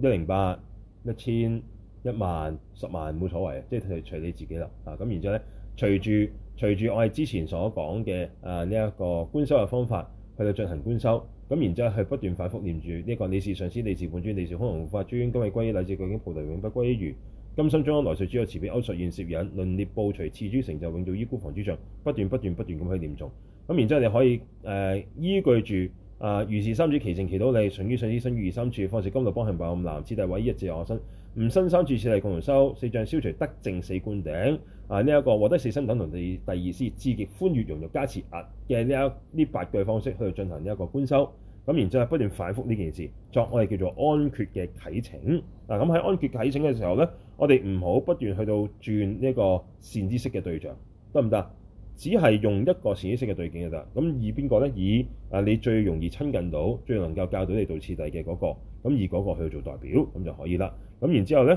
一零八、一千、一萬、十萬冇所謂，即係隨隨你自己啦，啊咁然之後咧，隨住隨住我哋之前所講嘅啊呢一個觀修嘅方法去到進行觀修，咁然之後去不斷反覆念住呢一個你是上師，你是本尊，你是空行護法尊，今日歸禮究竟菩提永不歸於。金心中安來水主，有慈悲歐術現攝引，輪列報除次主成就，永做於孤房主像，不斷不斷不斷咁去念重。咁然之後你可以誒、呃、依據住啊、呃、如是三主奇正奇到你順於上師身於二三處，況是金道幫行辦，難此地委依一至我身，吾身三處此地共同修，四障消除得正四冠頂啊！呢、這、一個獲得四身等同地第二師智極歡悅融入加持啊嘅呢一呢八句方式去進行呢一個觀修。咁然之後不斷反覆呢件事，作我哋叫做安橛嘅啟請嗱。咁、啊、喺安橛啟請嘅時候咧。我哋唔好不斷去到轉呢個善知識嘅對象，得唔得？只係用一個善知識嘅對象就得。咁以邊個咧？以你最容易親近到、最能夠教到你到徹底嘅嗰個，咁以嗰個去做代表咁就可以啦。咁然之後咧，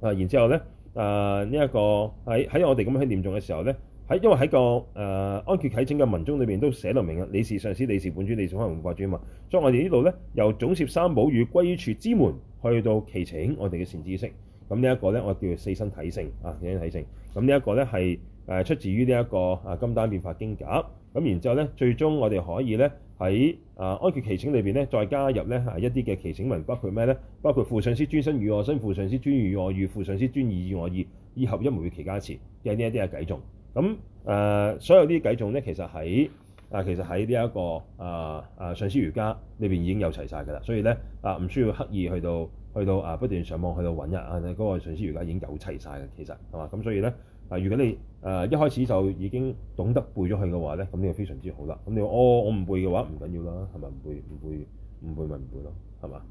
啊，然之後咧，啊，呢、呃、一、這個喺喺我哋咁樣喺念誦嘅時候咧，喺因為喺個啊、呃、安橛啟請嘅文中裏面都寫到明嘅，你是上師，你是本主，你是開悟挂主啊嘛。所以我哋呢度咧，由總攝三寶與歸處之門去到祈請我哋嘅善知識。咁呢一個咧，我叫四身體性啊，四身體性。咁、啊、呢一個咧係誒出自於呢一個啊《甘丹變化經函》。咁然之後咧，最終我哋可以咧喺啊安橛祈請裏邊咧，再加入咧啊一啲嘅祈請文，包括咩咧？包括父上師尊身與我身，父上師尊語與我語，父上師尊意與我意，以合一無月其加持嘅呢一啲嘅偈頌。咁誒、呃，所有重呢啲偈頌咧，其實喺。啊，其實喺呢一個啊啊上師瑜伽裏邊已經有齊晒㗎啦，所以咧啊唔需要刻意去到去到啊不斷上網去到揾人，啊嗰、那個上師瑜伽已經有齊晒嘅，其實係嘛？咁所以咧啊，如果你啊一開始就已經懂得背咗佢嘅話咧，咁呢個非常之好、哦、啦。咁你我我唔背嘅話，唔緊要啦，係咪唔背唔背唔背咪唔背咯，係嘛？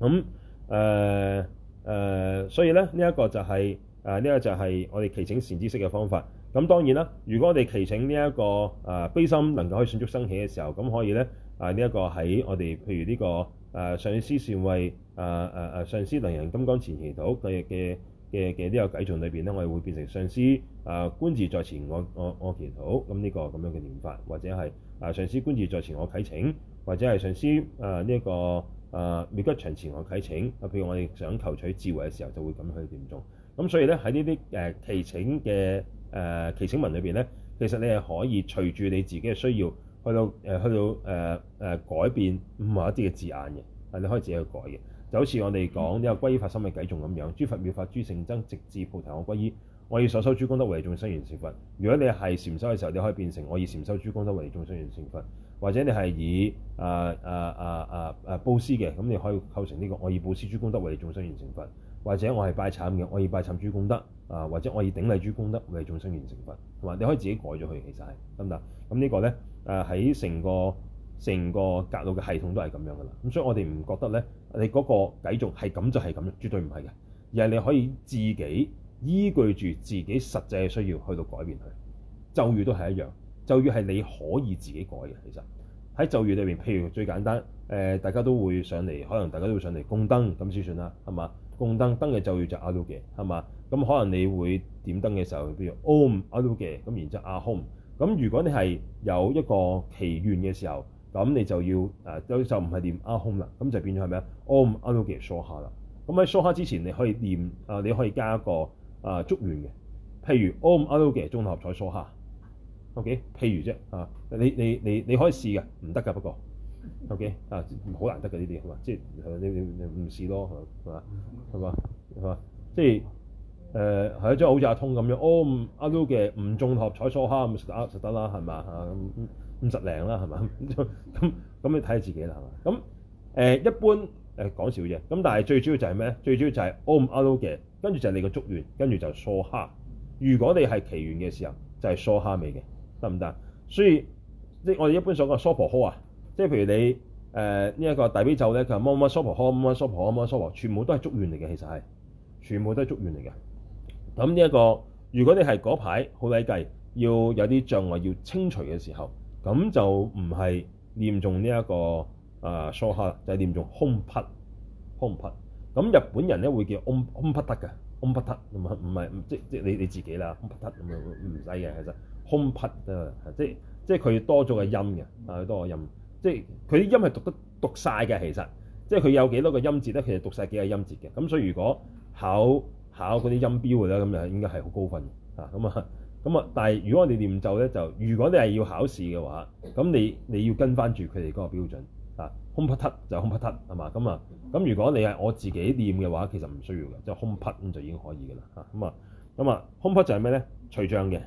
咁誒誒，所以咧呢一、這個就係、是、啊呢一、這個就係我哋祈請善知識嘅方法。咁當然啦，如果我哋祈請呢一個誒悲心能夠可以迅速升起嘅時候，咁可以咧，誒呢一個喺我哋譬如呢個誒上師善慧誒誒誒上師能仁金剛前祈禱嘅嘅嘅嘅呢個偈頌裏邊咧，我哋會變成上師誒觀自在前我我我祈禱，咁呢個咁樣嘅念法，或者係誒上師觀自在前我啟請，或者係上師誒呢一個誒妙吉祥前我啟請，或譬如我哋想求取智慧嘅時候就會咁去念誦。咁所以咧喺呢啲誒祈請嘅。誒祈請文裏邊咧，其實你係可以隨住你自己嘅需要去、呃，去到誒去到誒誒改變某一啲嘅字眼嘅，你可以自己去改嘅。就好似我哋講呢個歸依發心嘅偈頌咁樣，諸佛妙法諸聖僧，直至菩提我歸依。我以所修諸功德，為你眾生圓成佛。如果你係禪修嘅時候，你可以變成我以禪修諸功德為你眾生圓成佛」，或者你係以誒誒誒誒誒布施嘅，咁、啊啊啊啊、你可以構成呢、這個我以布施諸功德為你眾生圓成佛」，或者我係拜懺嘅，我以拜懺諸功德。啊，或者我以頂禮諸功德為眾生完成佛，係嘛？你可以自己改咗佢，其實係得唔得？咁呢個咧，誒喺成個成個格魯嘅系統都係咁樣噶啦。咁所以我哋唔覺得咧，你嗰個偈頌係咁就係咁樣，絕對唔係嘅，而係你可以自己依據住自己實際嘅需要去到改變佢。咒語都係一樣，咒語係你可以自己改嘅。其實喺咒語裏邊，譬如最簡單，誒、呃、大家都會上嚟，可能大家都會上嚟供燈咁先算啦，係嘛？供燈燈嘅就要就阿魯嘅係嘛，咁可能你會點燈嘅時候譬如 Om 阿魯嘅，咁然之後阿 home，咁如果你係有一個祈願嘅時候，咁你就要、呃、就就唔係念阿 home 啦，咁就變咗係咩啊 Om 阿魯嘅梭哈啦，咁喺梭哈之前你可以念啊、呃，你可以加一個啊祝願嘅，譬如 Om 阿魯嘅綜合彩梭哈。okay, 譬如啫啊，你你你你可以試嘅，唔得嘅不過。不 OK 啊，好難得嘅呢啲係嘛？即係你你唔試咯係嘛，係嘛，係嘛？即係係一即係好似阿通咁樣，all a l l o 嘅唔綜合彩梭蝦，咁食得食得啦係嘛，嚇咁唔啦係嘛，咁咁你睇下自己啦係嘛？咁、呃、一般誒講、欸、笑啫咁，但係最主要就係咩，最主要就係 all a l 嘅，跟住就係你個足丸，跟住就梭蝦。如果你係奇緣嘅時候，就係梭蝦味嘅，得唔得？所以即我哋一般想講嘅梭婆殼啊。即係譬如你誒、呃這個、呢一個大悲咒咧，佢係 m s o 全部都係祝願嚟嘅，其實係全部都係祝願嚟嘅。咁呢一個，如果你係嗰排好鬼計，要有啲障礙要清除嘅時候，咁就唔係念中呢、這、一個啊 s o u h 就係、是、念中空匹。空匹，咁日本人咧會叫空空僻特嘅空僻特，唔唔係唔即即你你自己啦，空僻特咁唔使嘅其實空僻，啊、就是，即即係佢多咗個音嘅，多個音。即係佢啲音係讀得讀晒嘅，其實即係佢有幾多個音節咧，其實讀晒幾個音節嘅。咁所以如果考考嗰啲音標嘅咧，咁就應該係好高分啊。咁啊咁啊，但係如果我哋念咒咧，就如果你係要考試嘅話，咁你你要跟翻住佢哋嗰個標準啊。空筆突就係空筆突係嘛？咁啊咁如果你係我自己念嘅話，其實唔需要嘅，即係空筆咁就已經可以嘅啦。咁啊咁啊，空筆、啊、就係咩咧？隨將嘅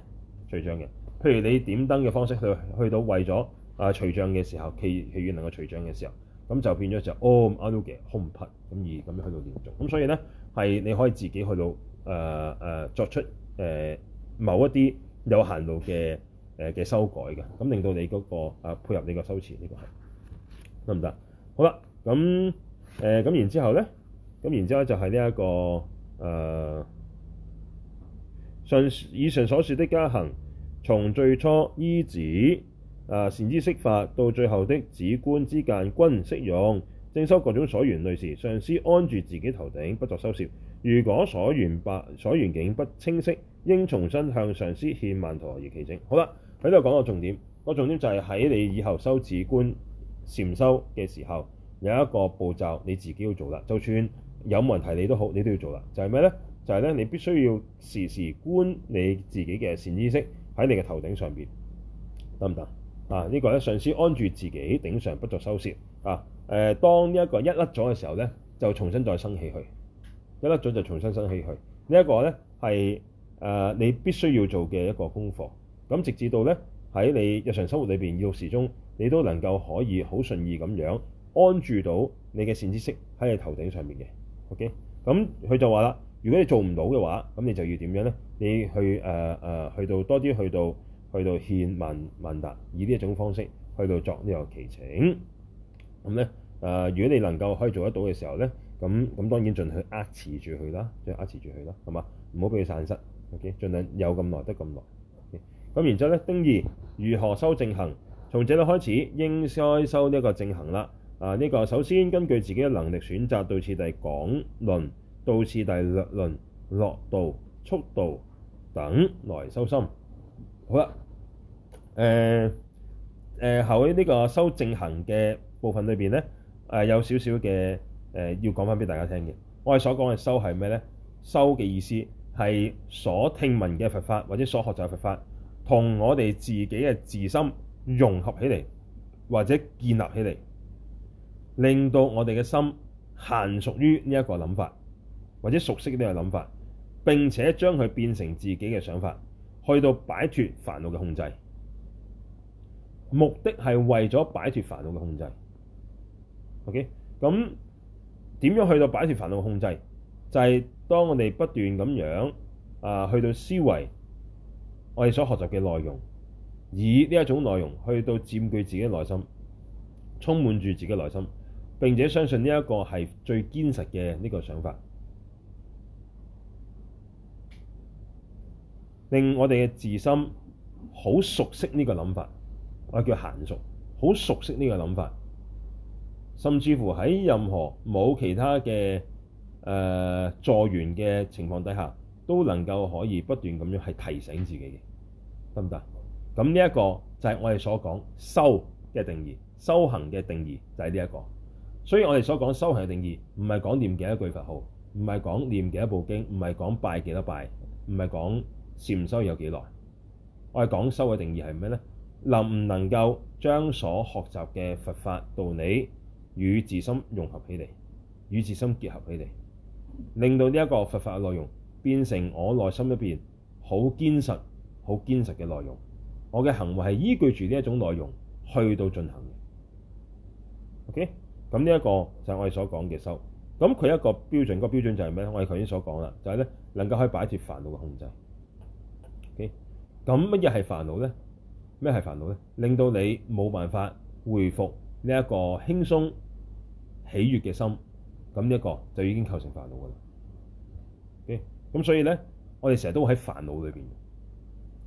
隨將嘅。譬如你點燈嘅方式去去到為咗啊！隨象嘅時候，企企樂能夠隨象嘅時候，咁就變咗就 all out 嘅空白，咁、哦啊、而咁樣喺度練習。咁、嗯、所以咧，係你可以自己去到誒誒、呃呃、作出誒、呃、某一啲有限度嘅誒嘅修改嘅，咁令到你嗰個啊配合你、這個收詞呢個係得唔得？好啦，咁誒咁然之後咧，咁然之後就係呢一個誒上、呃、以上所說的加行，從最初依止。啊！善知識法到最後的止觀之間均唔適用，正修各種所緣類時，上師安住自己頭頂，不作收攝。如果所緣白、所緣境不清晰，應重新向上師獻曼陀羅祈請。好啦，喺度講個重點，個重點就係喺你以後修止觀禪修嘅時候，有一個步驟你自己要做啦。就算有冇人提你都好，你都要做啦。就係、是、咩呢？就係咧，你必須要時時觀你自己嘅善知識喺你嘅頭頂上面。得唔得？啊！這個、呢個咧，上師安住自己頂上，不作收攝。啊，誒、呃，當呢一個一甩咗嘅時候咧，就重新再生起去；一甩咗就重新生起去。這個、呢一個咧係誒你必須要做嘅一個功課。咁直至到咧喺你日常生活裏邊，要時中你都能夠可以好順意咁樣安住到你嘅善知識喺你頭頂上面嘅。OK，咁佢就話啦，如果你做唔到嘅話，咁你就要點樣咧？你去誒誒去到多啲去到。去到獻曼達，以呢一種方式去到作呢個祈請。咁咧，誒，如果你能夠可以做得到嘅時候咧，咁咁當然盡去壓持住佢啦，即去壓持住佢啦，好嘛？唔好俾佢散失。O.K. 盡量有咁耐得咁耐。咁、OK？然之後咧，丁二如何修正行？從這裡開始應該修呢一個正行啦。啊，呢、這個首先根據自己嘅能力選擇道次第廣論，道次第略論、樂道、速道等來修心。好啦。誒誒，喺呢、呃呃、個修正行嘅部分裏面咧、呃，有少少嘅誒要講翻俾大家聽嘅。我哋所講嘅修係咩咧？修嘅意思係所聽聞嘅佛法或者所學習嘅佛法，同我哋自己嘅自心融合起嚟，或者建立起嚟，令到我哋嘅心限屬於呢一個諗法，或者熟悉呢個諗法，並且將佢變成自己嘅想法，去到擺脱煩惱嘅控制。目的係為咗擺脱煩惱嘅控制。OK，咁點樣去到擺脱煩惱嘅控制？就係當我哋不斷咁樣啊，去到思維我哋所學習嘅內容，以呢一種內容去到佔據自己嘅內心，充滿住自己嘅內心，並且相信呢一個係最堅實嘅呢個想法，令我哋嘅自心好熟悉呢個諗法。我叫嫻熟，好熟悉呢個諗法，甚至乎喺任何冇其他嘅誒、呃、助緣嘅情況底下，都能夠可以不斷咁樣去提醒自己嘅，得唔得？咁呢一個就係我哋所講修嘅定義，修行嘅定義就係呢一個。所以我哋所講修行嘅定義，唔係講念幾多句佛號，唔係講念幾多部經，唔係講拜幾多拜，唔係講禪修有幾耐。我哋講修嘅定義係咩咧？能唔能夠將所學習嘅佛法道理與自心融合起嚟，與自心結合起嚟，令到呢一個佛法嘅內容變成我內心入邊好堅實、好堅實嘅內容，我嘅行為係依據住呢一種內容去到進行嘅。OK，咁呢一個就係我哋所講嘅修。咁佢一個標準，嗰、嗰個標準就係咩咧？我哋頭先所講啦，就係、係、咧能夠可以擺脫煩惱嘅控制。OK，咁乜嘢係煩惱咧？咩係煩惱咧？令到你冇辦法回復呢一個輕鬆、喜悅嘅心，咁、這、一個就已經構成煩惱噶啦。O K，咁所以咧，我哋成日都喺煩惱裏面。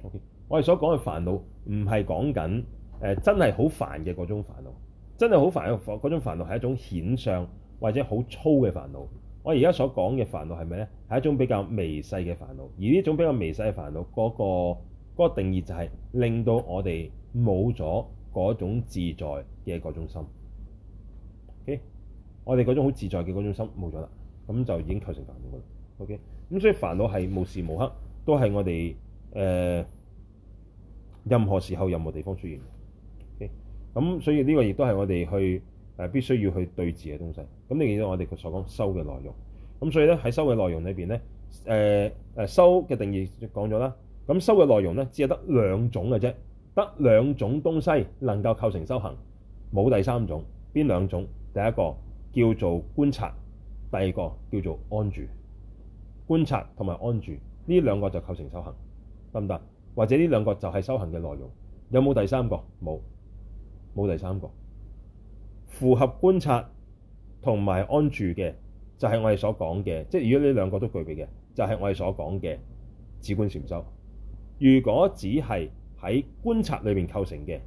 O、okay? K，我哋所講嘅煩惱唔係講緊誒真係好煩嘅嗰種煩惱，真係好煩嘅嗰種煩惱係一種顯相或者好粗嘅煩惱。我而家所講嘅煩惱係咩咧？係一種比較微細嘅煩惱，而呢種比較微細嘅煩惱嗰個。嗰個定義就係令到我哋冇咗嗰種自在嘅嗰種心。O.K. 我哋嗰種好自在嘅嗰種心冇咗啦，咁就已經構成煩惱噶啦。O.K. 咁所以煩惱係無時無刻都係我哋誒、呃、任何時候，任何地方出現嘅。O.K. 咁所以呢個亦都係我哋去誒、呃、必須要去對治嘅東西。咁你見到我哋佢所講收嘅內容。咁所以咧喺收嘅內容裏邊咧，誒、呃、誒收嘅定義講咗啦。咁修嘅內容咧，只有得兩種嘅啫，得兩種東西能夠構成修行，冇第三種。邊兩種？第一個叫做觀察，第二個叫做安住。觀察同埋安住呢兩個就構成修行，得唔得？或者呢兩個就係修行嘅內容，有冇第三個？冇，冇第三個。符合觀察同埋安住嘅，就係、是、我哋所講嘅，即係如果呢兩個都具備嘅，就係、是、我哋所講嘅止觀禪修。如果只係喺觀察裏邊構成嘅，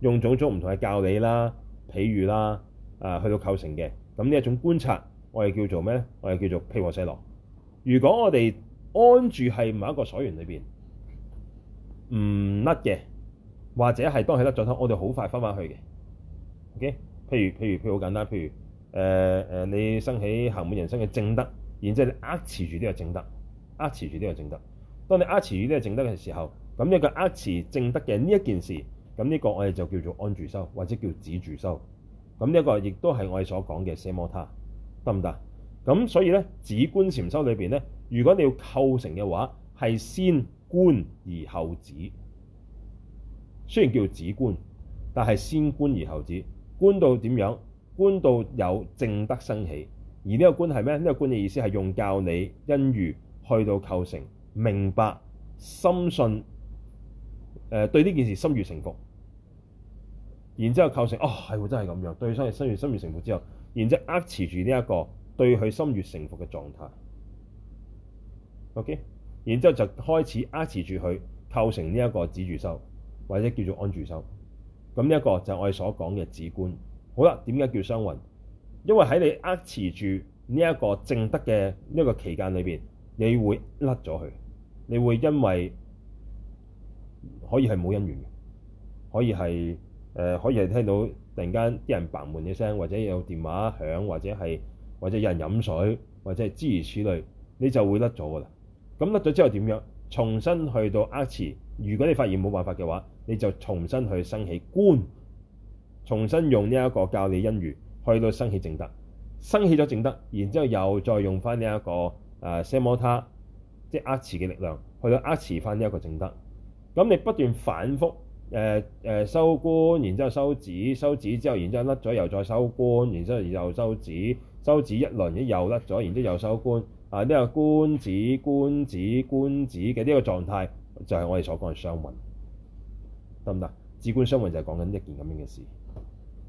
用種種唔同嘅教理啦、譬喻啦，啊去到構成嘅，咁呢一種觀察，我哋叫做咩咧？我哋叫做披和細落。如果我哋安住係某一個所緣裏邊，唔甩嘅，或者係當起甩咗頭，我哋好快翻返去嘅。OK，譬如譬如譬如好簡單，譬如誒誒、呃，你生起行滿人生嘅正德，然之後你握持住呢個正德，握持住呢個正德。當你厄持呢個證德嘅時候，咁一個厄持證德嘅呢一件事，咁呢個我哋就叫做安住修，或者叫止住修。咁呢一個亦都係我哋所講嘅奢摩他，得唔得？咁所以咧，止觀禪修裏邊咧，如果你要構成嘅話，係先觀而後止。雖然叫止觀，但係先觀而後止。觀到點樣？觀到有證德生起，而呢個觀係咩？呢個觀嘅意思係用教理因緣去到構成。明白、深信、誒、呃、對呢件事心悅誠服，然之後構成哦，係真係咁樣對佢生心悅心悅誠服之後，然之後握持住呢一個對佢心悅誠服嘅狀態，OK，然之後就開始握持住佢構成呢一個止住修或者叫做安住修，咁呢一個就係我哋所講嘅止觀。好啦，點解叫雙運？因為喺你握持住呢一個證德嘅呢一個期間裏面，你會甩咗佢。你會因為可以係冇因緣嘅，可以係誒、可以係、呃、聽到突然間啲人嘭門嘅聲，或者有電話響，或者係或者有人飲水，或者諸如此類，你就會甩咗㗎啦。咁甩咗之後點樣？重新去到 r e 如果你發現冇辦法嘅話，你就重新去生起觀，重新用呢一個教你因緣去到生起正德，生起咗正德，然之後又再用翻呢一個誒 samatha 即係加持嘅力量，去到加持返呢一個證德。咁你不斷反覆，誒、呃、誒、呃、收觀，然之後收止，收止之後，然之後甩咗又再收觀，然之後又收止，收止一輪，一又甩咗，然之後又收觀。啊呢、這個觀止觀止觀止嘅呢個狀態，就係、是、我哋所講嘅雙運，得唔得？止觀雙運就係講緊一件咁樣嘅事，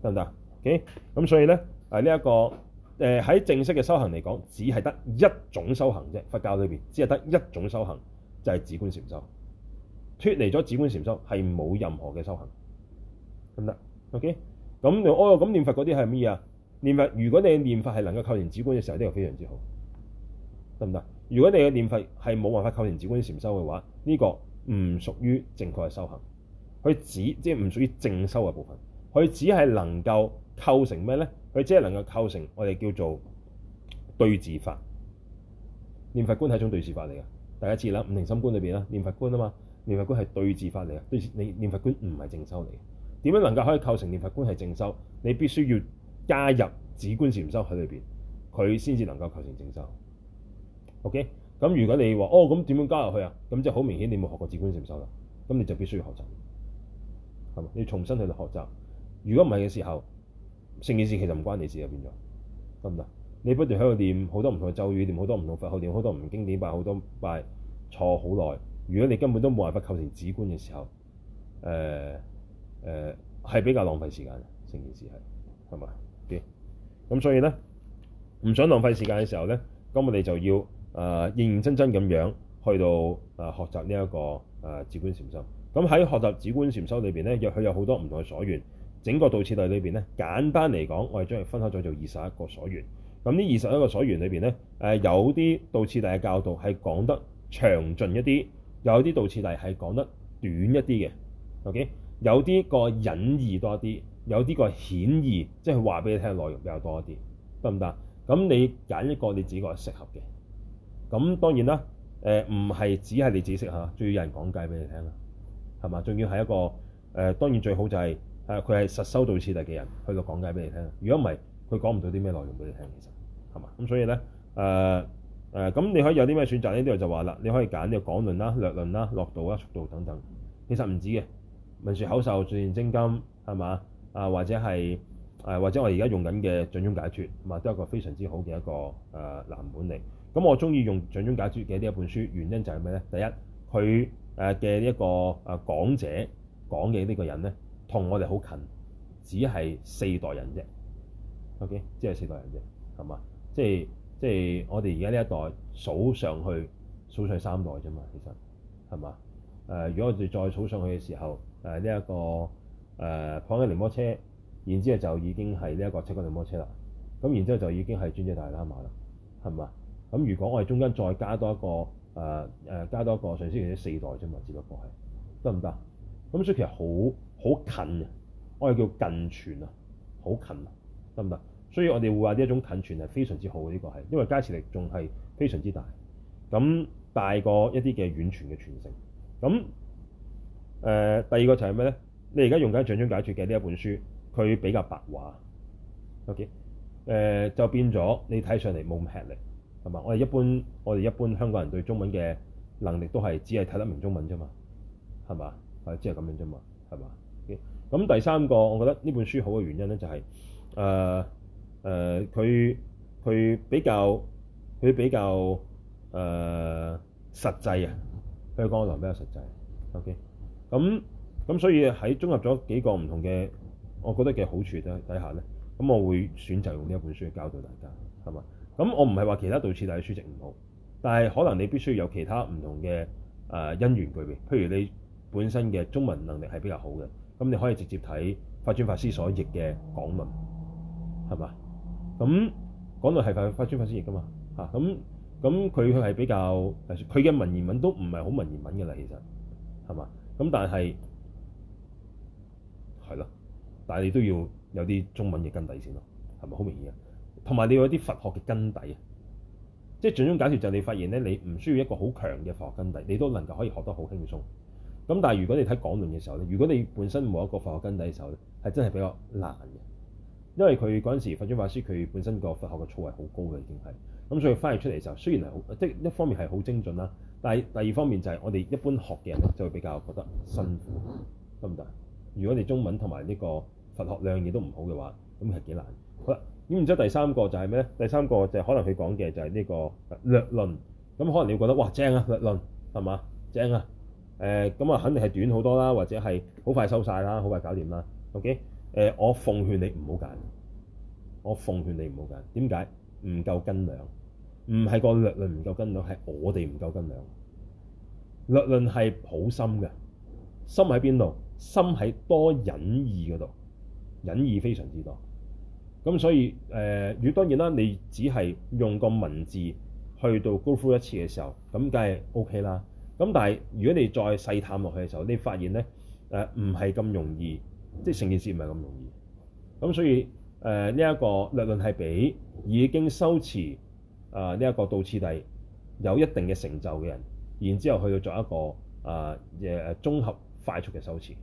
得唔得？OK，咁所以咧，係呢一個。誒喺、呃、正式嘅修行嚟講，只係得一種修行啫。佛教裏邊只係得一種修行，就係、是、止觀禪修。脫離咗止觀禪修係冇任何嘅修行，得唔得？OK，咁用哦咁念佛嗰啲係咩嘢啊？念佛如果你嘅念法係能夠構成止觀嘅時候，呢、這個非常之好，得唔得？如果你嘅念法係冇辦法構成止觀禪修嘅話，呢、這個唔屬於正確嘅修行，佢只即係唔屬於正修嘅部分，佢只係能夠構成咩咧？佢即係能夠構成我哋叫做對治法，念佛觀係一種對治法嚟嘅。大家知啦，五停心觀裏邊啦，念佛觀啊嘛，念佛觀係對治法嚟啊。對治你念佛觀唔係正修嚟，點樣能夠可以構成念佛觀係正修？你必須要加入止觀禪修喺裏邊，佢先至能夠構成正修。OK，咁如果你話哦咁點樣加入去啊？咁即係好明顯你冇學過止觀禪修啦。咁你就必須要學習，係嘛？要重新去學習。如果唔係嘅時候，成件事其實唔關你事啊，變咗得唔得？你不斷喺度念好多唔同嘅咒語，念好多唔同佛號，念好多唔同經典拜，拜好多拜，坐好耐。如果你根本都冇辦法構成止觀嘅時候，誒誒係比較浪費時間嘅。成件事係係咪啲？咁所以咧，唔想浪費時間嘅時候咧，咁我哋就要誒認、呃、認真真咁樣去到誒、呃、學習、這個呃、呢一個誒止觀禪修。咁喺學習止觀禪修裏邊咧，亦佢有好多唔同嘅所緣。整個道次第裏邊咧，簡單嚟講，我哋將佢分開咗做二十一個所緣。咁呢二十一個所緣裏面咧，有啲道次第嘅教導係講得詳盡一啲，有啲道次第係講得短一啲嘅。OK，有啲個隱義多一啲，有啲個顯義，即係話俾你聽嘅內容比較多一啲，得唔得？咁你揀一個你自己覺得適合嘅。咁當然啦，唔、呃、係只係你自己識嚇，仲要有人講解俾你聽啊，係嘛？仲要係一個誒、呃，當然最好就係、是。係佢係實修道次第嘅人去到講解俾你聽。如果唔係，佢講唔到啲咩內容俾你聽。其實係嘛咁，所以咧誒誒，咁、呃啊、你可以有啲咩選擇呢？呢度就話啦，你可以揀呢個廣論啦、略論啦、樂道啦、速道等等。其實唔止嘅文殊口授、聚賢精金係嘛啊，或者係誒、啊，或者我而家用緊嘅《掌中解脫》嘛，都係一個非常之好嘅一個誒、呃、藍本嚟。咁我中意用《掌中解脫》嘅呢一本書，原因就係咩咧？第一佢誒嘅一個誒、啊、講者講嘅呢個人咧。同我哋好近，只係四代人啫。OK，只係四代人啫，係嘛？即係即係我哋而家呢一代數上去數上去三代啫嘛，其實係嘛？誒、呃，如果我哋再數上去嘅時候，誒呢一個誒普通嘅電摩車，然之後就已經係呢一個七個檸檬車啦。咁然之後就已經係專車大喇嘛啦，係嘛？咁如果我哋中間再加多一個誒誒、呃、加多一個，上先啲四代啫嘛，只不過係得唔得？行不行？咁所以其實好好近嘅、啊，我哋叫近傳啊，好近、啊，得唔得？所以我哋會話呢一種近傳係非常之好嘅。呢、這個係因為加持力仲係非常之大，咁大過一啲嘅遠傳嘅傳承。咁誒、呃，第二個就係咩咧？你而家用緊《掌中解脫》嘅呢一本書，佢比較白話，OK？誒、呃，就變咗你睇上嚟冇咁吃力，係嘛？我哋一般我哋一般香港人對中文嘅能力都係只係睇得明中文啫嘛，係嘛？係，即係咁樣啫嘛，係嘛？咁、okay. 第三個，我覺得呢本書好嘅原因咧、就是，就係誒誒，佢、呃、佢比較佢比較誒、呃、實際啊，香港人比較實際。OK，咁咁所以喺綜合咗幾個唔同嘅我覺得嘅好處咧底下咧，咁我會選擇用呢一本書去教導大家，係嘛？咁我唔係話其他道次第書籍唔好，但係可能你必須要有其他唔同嘅誒、呃、因緣具備，譬如你，本身嘅中文能力係比較好嘅，咁你可以直接睇法尊法師所譯嘅講文，係嘛？咁講論係法法尊法師譯㗎嘛？嚇，咁咁佢佢係比較佢嘅文言文都唔係好文言文㗎啦，其實係嘛？咁但係係咯，但係你都要有啲中文嘅根底先咯，係咪好明顯啊？同埋你要有啲佛學嘅根底啊，即係總之簡述就係你發現咧，你唔需要一個好強嘅佛學根底，你都能夠可以學得好輕鬆。咁但係如果你睇港論嘅時候咧，如果你本身冇一個佛學根底嘅時候咧，係真係比較難嘅。因為佢嗰陣時佛經法書，佢本身個佛學嘅造詣好高嘅已經係，咁所以翻譯出嚟嘅時候雖然係好，即係一方面係好精準啦，但係第二方面就係我哋一般學嘅人咧就會比較覺得辛苦，得唔得？如果你中文同埋呢個佛學兩樣嘢都唔好嘅話，咁係幾難。好啦，咁然之後第三個就係咩咧？第三個就係可能佢講嘅就係呢個略論，咁可能你會覺得哇，正啊，略論係嘛，正啊！略誒咁啊，肯定係短好多啦，或者係好快收晒啦，好快搞掂啦。OK？誒，我奉勸你唔好揀，我奉勸你唔好揀。點解？唔夠斤兩，唔係個略論唔夠斤兩，係我哋唔夠斤兩。略論係好深嘅，深喺邊度？深喺多隱義嗰度，隱義非常之多。咁所以誒，如果、呃、當然啦，你只係用個文字去到 go through 一次嘅時候，咁梗係 OK 啦。咁但係，如果你再細探落去嘅時候，你發現咧，誒唔係咁容易，即係成件事唔係咁容易。咁所以誒呢一個略論係畀已經修持啊呢一個道次第有一定嘅成就嘅人，然之後去到作一個啊嘅、呃、綜合快速嘅修持，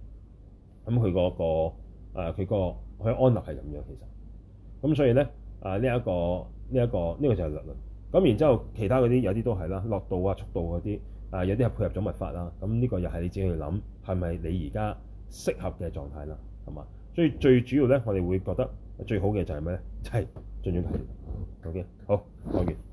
咁佢嗰個佢、呃嗰個佢安立係咁樣其實。咁所以咧啊呢一、呃呢個呢一、呢個呢、呢個就係略論。咁然之後其他嗰啲有啲都係啦，樂道啊、速道嗰啲。啊，有啲係配合咗密法啦，咁呢個又係你自己去諗，係咪你而家適合嘅狀態啦，係嘛？所以最主要呢，我哋會覺得最好嘅就係咩？就係儘量睇，OK，好，講完。